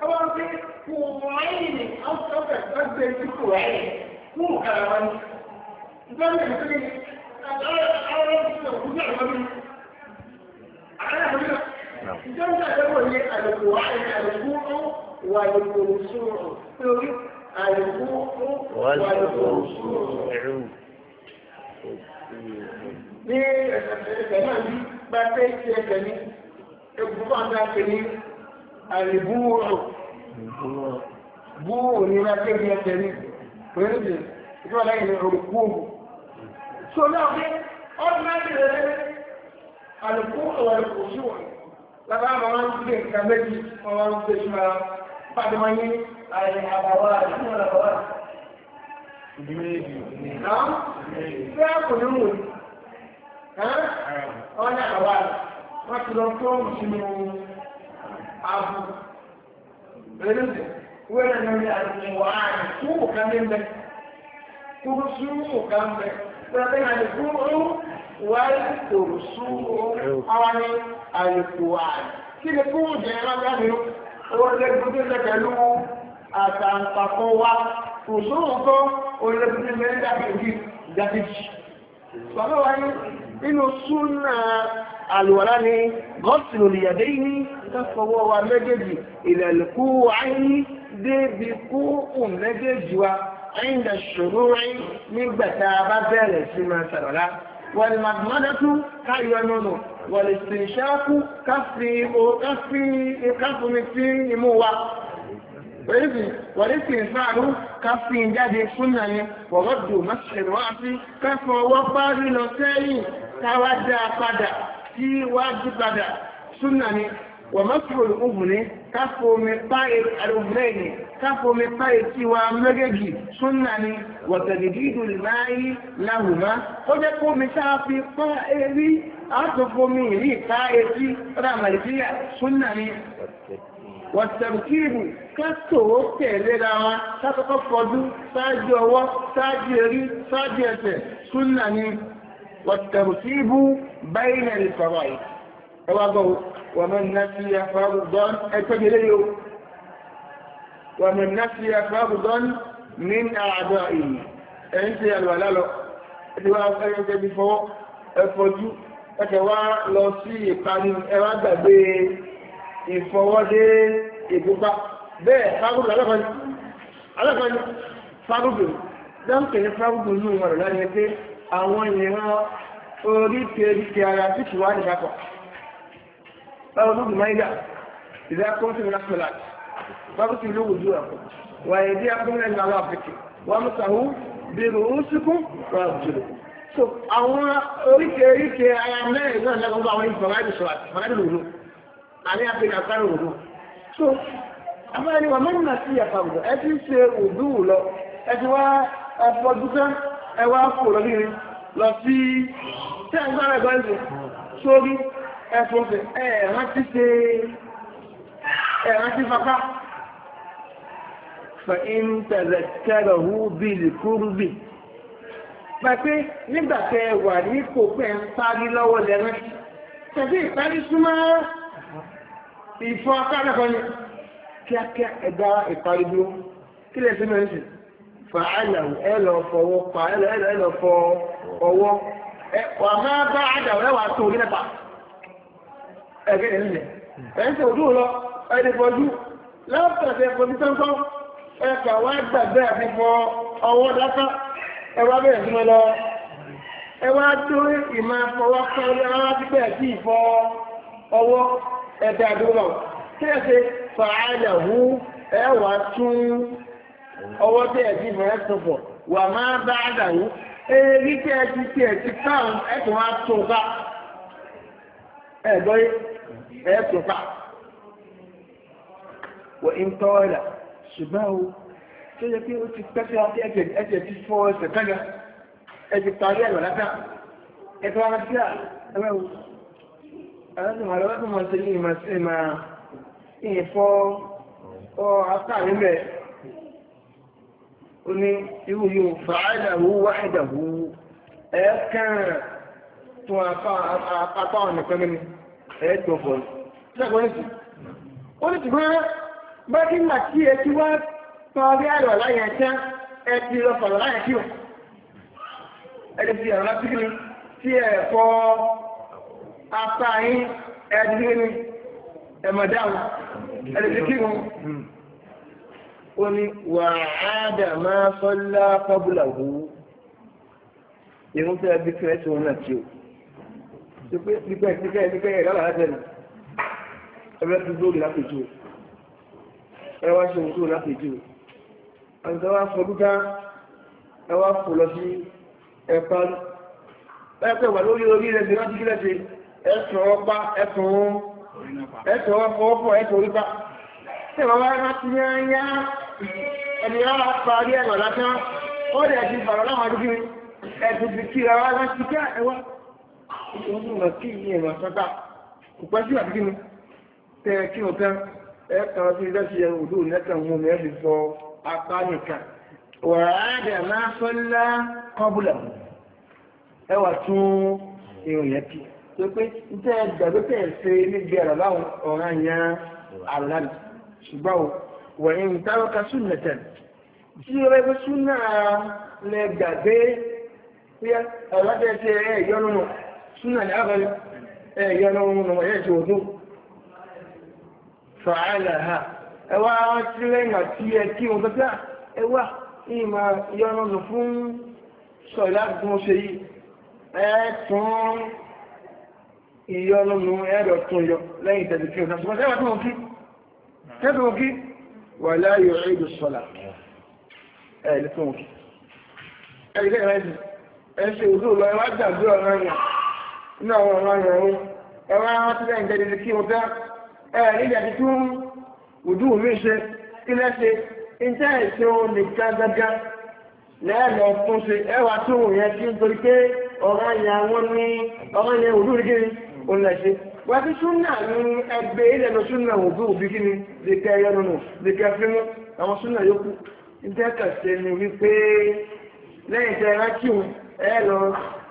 kọ́wọ́n pé kò wáyé ní ọ́sọ́fẹ̀ gbọ́gbẹ́ tí kò wáyé kú kàrà wọn. Ìgbọ́n mi ní ọ̀rọ̀ ìṣòro ìjọba mi. ìjọba àtẹ́wò ní àlùkò àlùkò wà lùkò sùúrù lórí àlùkò wà lùkò sùúrù. ní ẹ̀sẹ̀ náà ní bá fẹ́ ṣe ẹ̀kẹ́ ní egbò bá ń bá ṣe ní àlùkò búrò ní bá fẹ́ ṣe ẹ̀kẹ́ ní pẹ̀lú ìjọba lẹ́yìn òkú. sọ náà pé ọdún náà ti rẹ̀ lẹ́yìn àlùkò ọ̀rọ̀ ẹ̀kọ́ yìí wọ̀ lábá máa ń gbé nǹkan méjì wọn máa ń gbé sí máa pàdé wọn ní àyè àbàwà àti àbàwà. Náà ṣé àkùnrin wò ni? Wọ́n ní àbàwà wọ́n ti lọ tó ìsinmi àbù. Bẹ́ẹ̀ni wẹ́rẹ̀ ní orí àdìmọ̀ àrùn fún òkà ní ẹgbẹ́. Kúrú sí òkà ń bẹ̀. Wọ́n ti hàn والكرسوم أواني القرآن كده كون جيرا جانيو ولكن كده كلو أتان تقوى كرسومكم ولكن كده كده جاتيش sọ́dọ̀ wáyé inú súnà àlùwàlá ni gọ́ọ̀sìlò lìyàdé ní tọ́fọwọ́ wa méjèèjì ìlẹ̀lùkú ayé débi kú ùn méjèèjì wa ẹ̀yìn dàṣòro rẹ̀ nígbàtà bá bẹ̀rẹ̀ sí máa sàrọ̀lá wàlìmàdìmádẹ́tú káyọ ẹnùnù wàlìsì ìṣẹ́kú káfíní sí imú wa wàlìsì ìsáàrú káfíní jáde súnà yẹn wọ̀rọ̀dù mẹ́sẹ̀rọ̀ àti káfọ́ ọwọ́ párí lọ sẹ́yìn káwá dá padà sí wájú padà súnà yẹn ومسح الأذن كفو من طائر الأذنين كفو من طائر سوى مجدي سنن وتجديد الماء لهما قد يكون مسافي طائر أصف من طائر في سنن wàtẹ̀mkìrì kẹ́tò ó tẹ̀léra wọn sákọ́kọ́ fọdú sáájú ọwọ́ sáájú erí sáájú ẹsẹ̀ ẹwà gbọ́ wà mọ́ nàfi àfàrùdọ́n ẹgbẹ́gbẹ́ lé yóò wà mọ́ nàfi àfàrùdọ́n ní àádọ́ èyí ẹ̀ ń ṣe àlùwàlá lọ ẹ̀dùwà ẹgbẹ́ bí fọwọ́ ẹfọjú ẹ̀kẹ́ wá lọ sí ìpanu ẹwà gbàgbé ìfọwọ́dé ìgbúpa bẹ́ẹ̀ fárúdù alákọ̀ọ́ni báwo ló dùnmọ́ ìdá ìdá kọ́ńtì náà fẹ́lá báwo sì ló wùdú àpò wà á yẹ̀dí akọ́ńtì náà lọ wà á mú sàhú bèrè wà jùlọ. so àwọn oríkèéríkè ara mẹ́rin náà lẹ́kọ̀ọ́ bá àwọn ìfọ̀rọ̀ àìsọ̀rọ̀ àti fọ̀rọ̀ àìsọ̀rọ̀ àní àfẹ́kì àkárò òdò. so àbáyé wà mẹ́rin náà sí ìyàpá òdò ẹ ti ń ṣe òdú lọ ẹ ti wá ọ̀pọ̀dún tán ẹ wá fò ẹ̀fọ́fẹ́ ẹ̀rántí ṣe ẹ̀rántí fapá fẹ̀yìn tẹ̀lẹ̀ kẹrọ hú bí lìkúrú bì pẹ̀pẹ́ nígbà tẹ wà nípò pé ń parí lọ́wọ́ lẹ́rántí tẹ̀bí ìparí súnmọ́ ìfọ́ akálẹ̀kọ́ ni kíákíá ẹ̀dá ìparí dúró kí lè fi mẹ́rin sí fàálà ẹ lọ fọwọ́ pa ẹ lọ fọ ọwọ́ ẹ̀ wà máa bá àdàwọ̀ ẹ wà tó orí lẹ́pàá. ẹ̀rí ẹ̀lẹ̀ ẹwà tó fọwọ́ sí ìfọ ọwọ́ àdúgbò ẹwà tún ọwọ́ sí wà máa bá sí sí ẹ̀gbọ́ ẹ̀ẹ́tùpá wọ ìntọ́ọ̀lá ṣùgbọ́n o tó yẹ pé ó ti pẹ́sẹ̀ àti ẹ̀jẹ̀ ẹ̀jẹ̀ ti fọ́ ẹsẹ̀ kánga ẹ̀jẹ̀ parí ẹ̀rọ látà ẹ̀tọ́ ara sí à ẹ̀rọ ẹ̀rọ ẹ̀rọ ẹ̀rọ ṣe ní ìmọ̀ sí ìmọ̀ ìyẹ̀fọ́ ọ akáàrí mẹ́ ó ní irú yóò fàáìlà wú wáìdà wú ẹ̀ẹ́kàn tó apá ọ̀nà kan mẹ́rin ẹ̀ẹ́dọ̀ bọ̀ ṣẹ́gbọ́nìtì ó ní ṣùgbọ́n bá kí mà kí ẹ ti wá tán bí àrọ̀ láyẹ̀ ẹ̀ṣẹ́ ẹ ti lọ sọ̀rọ̀ láyẹ̀ kí o ẹ̀ẹ́dẹ̀ ti ẹ̀rọ láti kiri tí ẹ̀ fọ apá yín ẹ̀ẹ́dẹ̀ ní nípẹ́ nípẹ́ nípẹ́ ẹ̀dá làásẹ̀ nù ẹgbẹ́ tó dóòlì lápèjú ẹwà ṣe òun tó lápèjú àti ẹwà fọdúká ẹwà fò lọ sí ẹ̀pá ẹ̀pẹ́ wà lórí orí rẹ̀ sí láti kílẹ̀ sí ẹ̀sùn ọpá ẹ̀sùn ẹ̀sùn ẹ̀sùn orípa ẹ̀wà wá ìṣòro tó mọ̀ kí ìyẹn mọ̀ sọ́gbà kò pẹ́ sí àbíkí mi tẹ́ kí o tán ẹ kàn sí ilé ṣe ẹrù òdò nẹ́kàn mú mi ẹ fi sọ apá nìkan wàhálà máa sọ́lá kọ́bùlà ẹ wà tún ìròyìn ẹ̀kí tó pé níta ìgbàgbé tẹ̀ ṣe níbi ẹ̀rọ láwọn ọ̀ràn yẹn àlùláàbì ṣùgbọ́n o wẹ̀yìn ìtàrọ́ka súnmọ̀ tẹ̀ tí ó rẹ́gbẹ́ súnmọ̀ lẹ gbàgbé ẹ̀rọ سنة العمل ينوم ويجود فعلها ẹwà tílẹ̀yìn àti ẹkí wọn tọ́tí ẹwà ìmọ̀ yọ́nà lò fún sọ̀lá tí wọ́n ṣe yìí ẹ̀ẹ́tún ìyọ́nà nù ẹ̀rọ tún yọ lẹ́yìn tẹ̀lé kí wọ́n tọ́tí ẹwà tí wọ́n kí tẹ́tù wọ́n kí wà láyọ̀ ẹ̀dù sọ̀lá ẹ̀ẹ́lẹ́tún wọ́n kí ẹ̀ẹ́lẹ́tún wọ́n kí ẹ̀ẹ́ṣẹ̀ òdúró lọ ẹwà dàgbé ọ̀rọ̀ ẹ̀yàn nínú àwọn ọ̀rọ̀ ọ̀rọ̀ yìí ẹ̀rọ àwọn tí lẹ́yìn tẹ́lẹ̀ kí wọ́n tán ẹ̀rọ nígbà tí tún wùdú mi ṣe kí lẹ́ ṣe iṣẹ́ ìṣe o lè ká gángan lẹ́ẹ̀lọ fún ṣe ẹwà tó wù yẹn kí n torí pé ọ̀rọ̀ yẹn àwọn ní ọ̀rọ̀ yẹn wùdú rí kiri òun lẹ̀ ṣe wọ́n ti súnà ní ẹgbẹ́ ilẹ̀ lọ súnà wùdú òbí kí ni lè kẹ́ ẹyọ nínú lè kẹ́ fínú àwọn súnà yókù iṣẹ́ kẹsẹ̀ ni wípé lẹ́yìn tẹ́ ẹ rákìún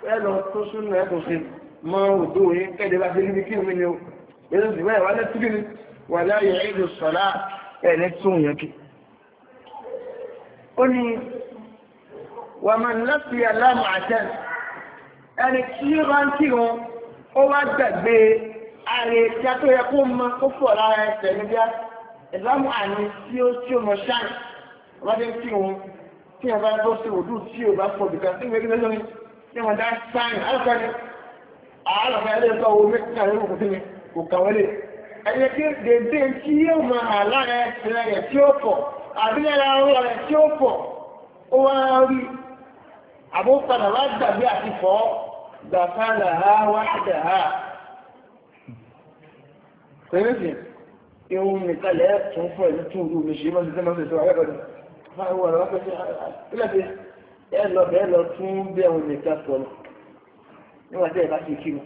ẹ lọ tó súnà ẹ̀ tó ṣe mọ òdó yẹn kẹ́lẹ́ bá ṣe níbi kí n ní o èso sì báyìí wà lẹ́tí kìíní wà láyé ẹ̀dùn sọ̀lá ẹ̀ lẹ́tún yẹn kí. ó ní wà máa ń lọ́sí aláàmù àṣẹ ẹni tí ó bá ń kí wọn ó wá gbàgbé ààrẹ tí a tó yẹ kó mọ kó fọ̀ lára ẹsẹ̀ níbi ìlàmù àní tí ó tí ó mọ ṣáà wọ́n ti ń kí wọn tí wọ́n bá tó ṣe òdù tí ò bá fọ̀ bìkan tí wọ́n ti ń lọ́sọ̀rọ̀ ní wọ́n dá sáyìn alùpàdé àárọ̀fẹ́ ilé ẹ̀tọ́ owó mẹ́ta nínú kò sílẹ̀ kò kàwẹ́lẹ̀ ẹ̀yẹ kí dèdè tí yóò máa hà lára ẹ̀sẹ̀ rẹ̀ tí ó pọ̀ àbí lára ọwọ́ rẹ̀ tí ó pọ̀ ó wá rí àbó padà wá gbàgbé àti fọ́ gbàfàlà ha wá dà ha. pẹ̀lẹ́sì ihun nìkan lẹ́ẹ̀ tún fún ẹ̀mí tún ìlú mi ṣe máa ṣe sẹ́mọ́ ṣe wáyé ọ̀dọ̀ fáwọn ọ̀rọ̀ wá pẹ́ sí ẹ̀ lọ níwọ̀n tẹ́ ẹ bá ṣe kí wọn.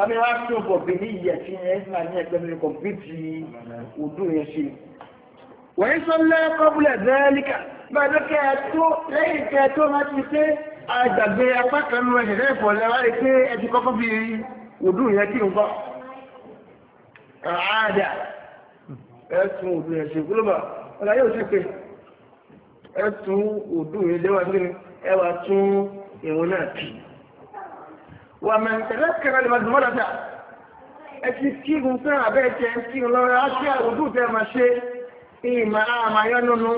àmì wá sí òbò bí ní ìyẹ̀ tí ẹ ń máa ní ẹgbẹ́ mi kọ̀m̀pìtì òdù yẹn ṣe. wọ́n sọ lẹ́kọ́bùlẹ̀ bẹ́ẹ̀líkà bàbá kẹ́ ẹ tó lẹ́yìn kẹ́ ẹ tó máa ti pé àgbàgbé apá kan nu ẹ̀ṣẹ̀ fẹ́ fọ̀ lẹ́wà rí pé ẹ ti kọ́kọ́ bí òdù yẹn kí n kọ́. àádà ẹ tún òdù yẹn ṣe kúlọ́bà ọ̀là yóò ṣe pé ẹ tún òdù yẹn lẹ́wà sí ẹwà tún ìrún náà kì ومن تذكر المزمرة أتذكيهم سنة بيت يمكن الله أشياء وجود ما شيء إيما آما ينن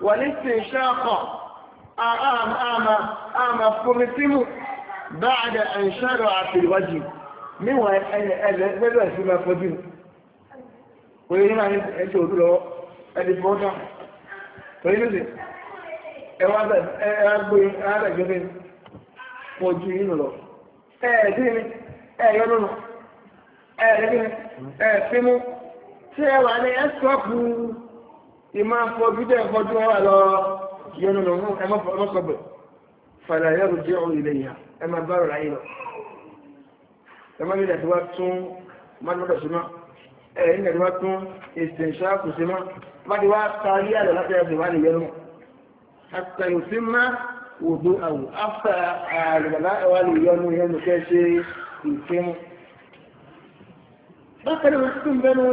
والاستنشاق آم آما آما فمتم بعد أن شرع في الوجه من وين أنا أنا بدو أسمع فدين وين أنا أنت وتقول له أدي فوتا وين زين أوابد أبوي أبوي جبين فوجي إنه ẹ̀ẹ́dínmi ẹ̀yọ́nùnù ẹ̀ẹ́dínmi ẹ̀ẹ́fínmú tí ẹ wà ní ẹ́sọ́pù ìmọ̀ afọ́jú dẹ̀ fọ́jú wà lọ yọ́nùnù ẹmọ́sọ̀bẹ̀ fàlà yọrù jẹ́ òun ilé yà ẹ máa bá ọ̀rọ̀ ayé lọ ẹ máa nílẹ̀ tí wá tún mádùmọ́dọ̀ sí mọ́ ẹ nílẹ̀ tún ìsìnṣá kù sí mọ́ bá wòdó àwò áfà àlùbàlá ẹ̀wà lè yọnu yẹnu kẹ́ ṣe ìfihàn. bákan náà tó ń bẹnu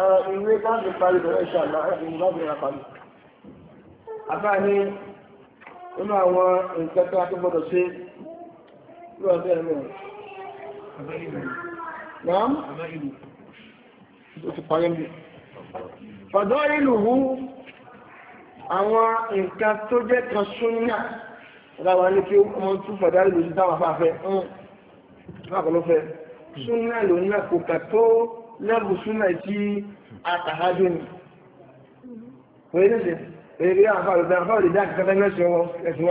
uh, ìwé báńkì parí bẹ̀rẹ̀ ṣàlá ìwé báńkì náà parí. àbáyé nínú àwọn nǹkan tó a tó gbọdọ̀ ṣe ló wà bẹ́ẹ̀ lọ. Nàám? Ó ti parí mi. Fàdọ́ ìlú àwọn nǹkan tó jẹ́ kan súnà ráwa ní kí ọmọ tún fàdárí lójú táwọn afáfẹ́ lápọ̀lọ́fẹ́ súnà ló ní kò kà tó lẹ́bù súnà tí àtàhájú ni pẹ̀lú ẹ̀sẹ̀ pẹ̀lú àfáàlùdá àfáàlùdá kẹta mẹ́sàn wọn ẹ̀sùn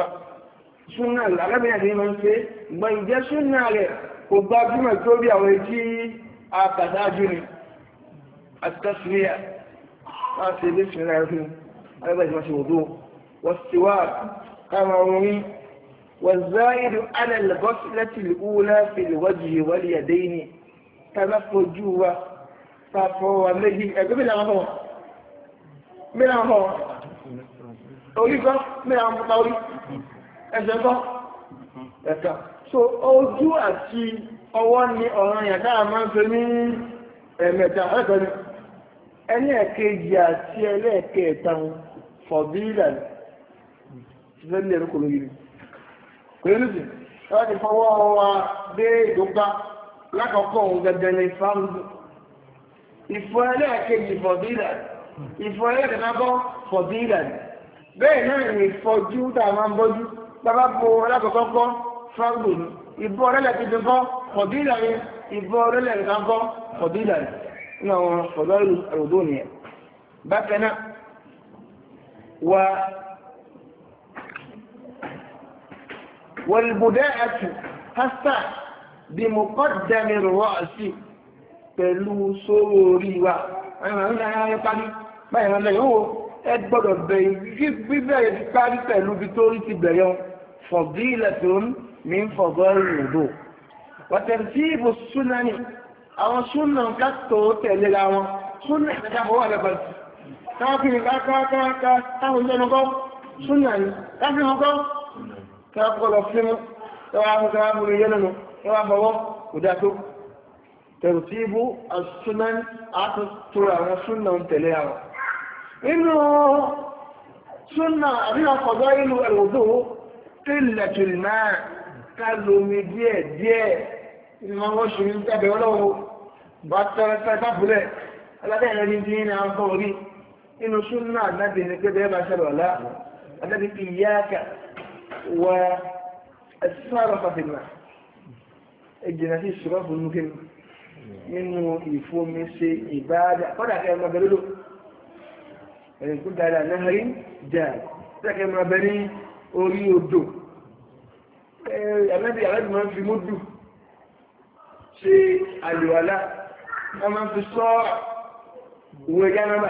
ni wọ́n ń pé gbọ́n ìjẹ́ súnà rẹ̀ kò gbá júmọ̀ tó ayọ́bá ìṣẹ́ ṣe wòdó wọ́síwá káàmà orin wọ́záìdù alẹ́lẹ́gọ́sílẹ́tì ìwúlá fèlèwọ́jì ìwọ́lì ẹ̀dẹ́yìn tàbá fojú wa tàfọ́ wa méjì ẹ̀gbẹ́ mi làwọn fọwọ́ mi làwọn fọwọ́ orí kọ́ mi làwọn fọwọ́ orí ẹ̀sẹ̀ kọ́ ẹ̀ka so ojú àti ọwọ́ ni ọ̀ràn yàtá àmọ́ ń fẹ́ ní ẹ̀mẹ̀ta ẹ̀kọ́ ni ẹni ẹ̀kejì àti ẹlẹ́ẹ̀kẹta wọn fọ̀bílẹ̀ ìfẹ́lẹ̀ ẹ̀rọ kòló yìí pẹ̀lú sí láti fọwọ́ wa dé ìdógbá lákọ̀ọ́kọ́ òun gẹ́gẹ́ ní fáńdù ìfọ ẹlẹ́ẹ̀kejì fọ̀bílẹ̀ ìfọ ẹlẹ́ẹ̀kẹ́kọ́ fọ̀bílẹ̀ bẹ́ẹ̀ náà ní ìfọjú tá a máa ń bọ́jú bàbá bo alákọ̀ọ́kọ́ fáńdù ni ìbọ ẹlẹ́ẹ̀kejì kọ́ fọ̀bílẹ̀ ni ìbọ ẹlẹ́ẹ̀kẹ́kọ́ fọ̀bílẹ̀ ni àwọn fọ̀bílẹ̀ و والبداءة هسا بمقدم الرأس pẹ̀lú sóró orí wa ẹ̀rọ ńlá ẹ̀rọ ayé parí báyìí ẹ̀rọ lẹ́yìn ó ẹ gbọ́dọ̀ bẹ̀rẹ̀ bíbẹ̀rẹ̀ ti parí pẹ̀lú ibi tó rí ti bẹ̀rẹ̀ wọn fọ̀bí ilẹ̀ tó ń mi ń fọ̀gọ́ ìrùdò wọ́tẹ̀rì tí ìbò súnà ni àwọn súnà ń ká tó káàkiri káàkiri táwọn ìjọba kọ́ súnà yìí káàkiri kọ́ káàkiri lọ fún un ẹwà àwọn àwọn ìyẹnìmọ̀ ẹwà bọ̀wọ́ kò dá tó tẹ̀rùtíbù àṣùnà àtúntò àwọn súnà ń tẹ̀lé àwọn inú súnà àríwá kọ̀dọ̀ ìlú ẹ̀wọ̀dó ilẹ̀ tìlìmá ká lómi díẹ̀ díẹ̀ ìmọ̀ wọ́n ṣe ń dábẹ̀ ọlọ́wọ́ bá tẹ́rẹ́tẹ́ tábùlẹ̀ alábẹ́ẹ̀rẹ́ ní díẹ̀ ní àwọn inú súnà ànábì ni pé bẹ́ẹ̀ bá ṣẹlẹ̀ ọ̀la ànábì ìyáàkà wà ẹ̀sìnmáàrọ̀ fàfihàn ìjìnà sí ìṣòro fún kí nínú ìfomisẹ ìbáadà kọ́dà kẹ́ ọmọ bẹ̀rẹ̀ lò ẹ̀yìn kú dáadáa náà rí dáa kọ́dà kẹ́ ọmọ bẹ̀rẹ̀ orí odò ànábì ànábì máa ń fi mú dù ṣe àlùwàlá wọ́n máa ń fi sọ́ ìwé gánábà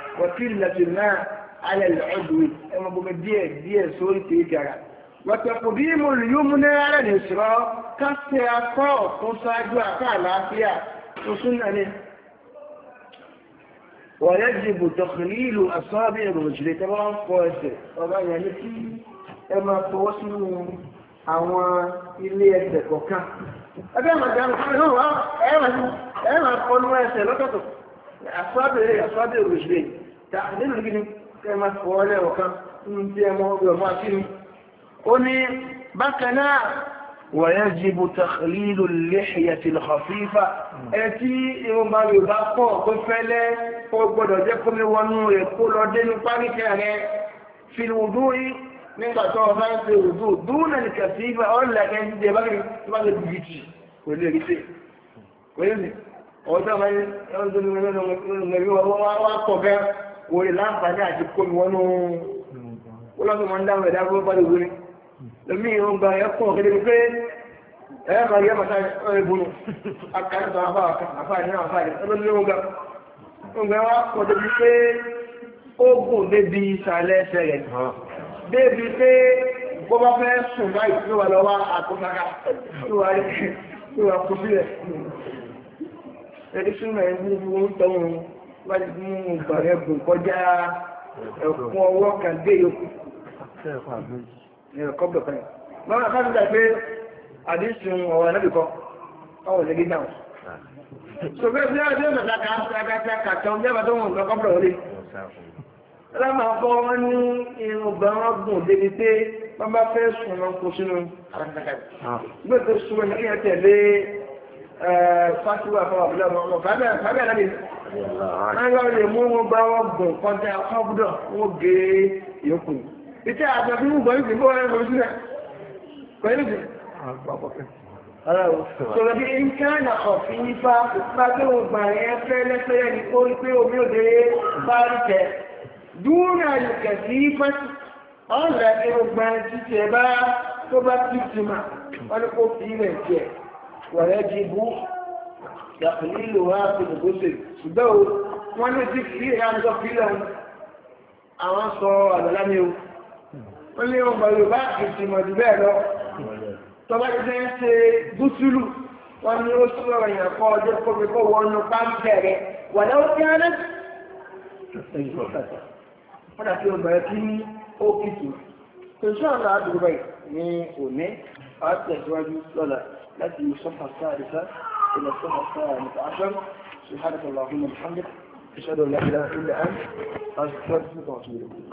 وقلة الماء على العضو أما بمدية دية سوري تيجارة وتقديم اليمنى على اليسرى كالسياسة وتصاجع كالعافية وسنة ويجب تخليل أصابع الرجل طبعا فوسة طبعا يعني في أما فوسة àwọn ilé ẹsẹ̀ kọ̀ọ̀kan. ẹgbẹ́ àmàdà nǹkan náà wá ẹ̀rọ ẹ̀rọ ọ̀nù ẹsẹ̀ lọ́tọ̀tọ̀ nínú gidi ẹ máa fọ́ ọlẹ́ ọ̀kan nínú tí ẹ mọ́ ọgbẹ̀ ọmọ àti ní ó ní bákan náà wọ̀nyẹ́ jíbu tàkìlìlù lẹ́ṣẹ̀yẹ̀ tí lọ́kọ̀ fífà ẹ tí irun bá rẹ̀ bá pọ̀ kó fẹ́lẹ́ ó gbọ́dọ̀ jẹ́ kó mi wọnú rẹ̀ kó lọ dénú páríkẹ́ rẹ̀ fi wùdú rí nígbà tó ọba ń ṣe wùdú dúnà ní kàfífà ó lẹ́kẹ́ ń jẹ bá rẹ̀ bìbìtì kò lè rí sí kò lè rí ọjọ́ máa ń orí láǹfààní àti kómi wọnú ó lọ́sọ̀ máa ń dáhùn ẹ̀dá fún bá lóore lómi ìhun gba ẹ̀ pọ̀ kéde pé ẹ̀ máa yẹ màtá ẹ̀ bùnú akásọ̀ àfáàní náà àfáàní ẹ̀ lọ́sọ̀ lóhùn ga ó gbẹ wá pọ̀ débi pé ó gùn débi ìsàlẹ̀ ẹsẹ̀ rẹ̀ débi pé bó bá fẹ́ wọ́n ti mú ìbàrẹ̀ gùn kọjá ẹ̀kún ọwọ́ kan dé yòókù. ẹ̀kọ́ bẹ̀rẹ̀ kan. báwọn akáàtú dà pé àdéhùn ọ̀rọ̀ ẹ̀nàbì kọ́ ọ̀rọ̀ ṣẹ́gi náà. sọ̀rọ̀ bí wọ́n ti ń sọ̀tà kàkàkà kàtọ́ bí wọ́n tó ń lọ kọ́pọ̀ wọlé. lámà kọ́ wọn ní irun gbọ́n gùn débi pé wọ́n bá fẹ́ sùn lọ kó sínú àkàkà. gbọ́dọ̀ ah. sùn fásitìwà fún àbúlé ọmọ ọmọ fábẹ́ fábẹ́ láti ẹgbẹ́ rẹ̀ mú wọn gbá wọn gbọ̀ kọjá ọgbọ́dọ̀ wọn gé yòókù ìtẹ́ àgbà bí wọn gbọ́ yìí bó wọn gbọ́ sílẹ̀ pẹ̀lú ìdí. sọ̀rọ̀ bí nǹkan náà kọ̀ fi ipa bá pé wọn gbà yẹn fẹ́ lẹ́sẹ̀rẹ́ ní kó rí pé omi ò dé bá rí tẹ̀ dúró àyùkẹ̀ sí fásitì ọ̀rẹ́ ẹ̀rọ gbà títì ẹ̀ ويجب تقليلها في الغسل ṣùgbọ́n wọ́n ní tí kí ìrànjọ́ fílẹ̀ àwọn sọ àgbàlá ni o wọ́n ní ọmọ yorùbá kìtì mọ̀jú bẹ́ẹ̀ lọ tọ́bá jẹ́ ń ṣe gúúsùlù wọ́n ní ó sọ ìyàn kọ́ ọjọ́ kọ́bí kọ́ wọnú páńpẹ́ rẹ̀ wà láwọn tí a rẹ̀ wọ́n dàbí ọgbà rẹ̀ kí ní ó kìtì kò sí àwọn àdúgbò báyìí ní òní àtẹ̀síwájú lọ́la تأتي من الصفحة الثالثة إلى الصفحة الثالثة عشر سبحانك اللهم وبحمدك أشهد أن لا إله إلا أنت أستغفرك وأتوب إليك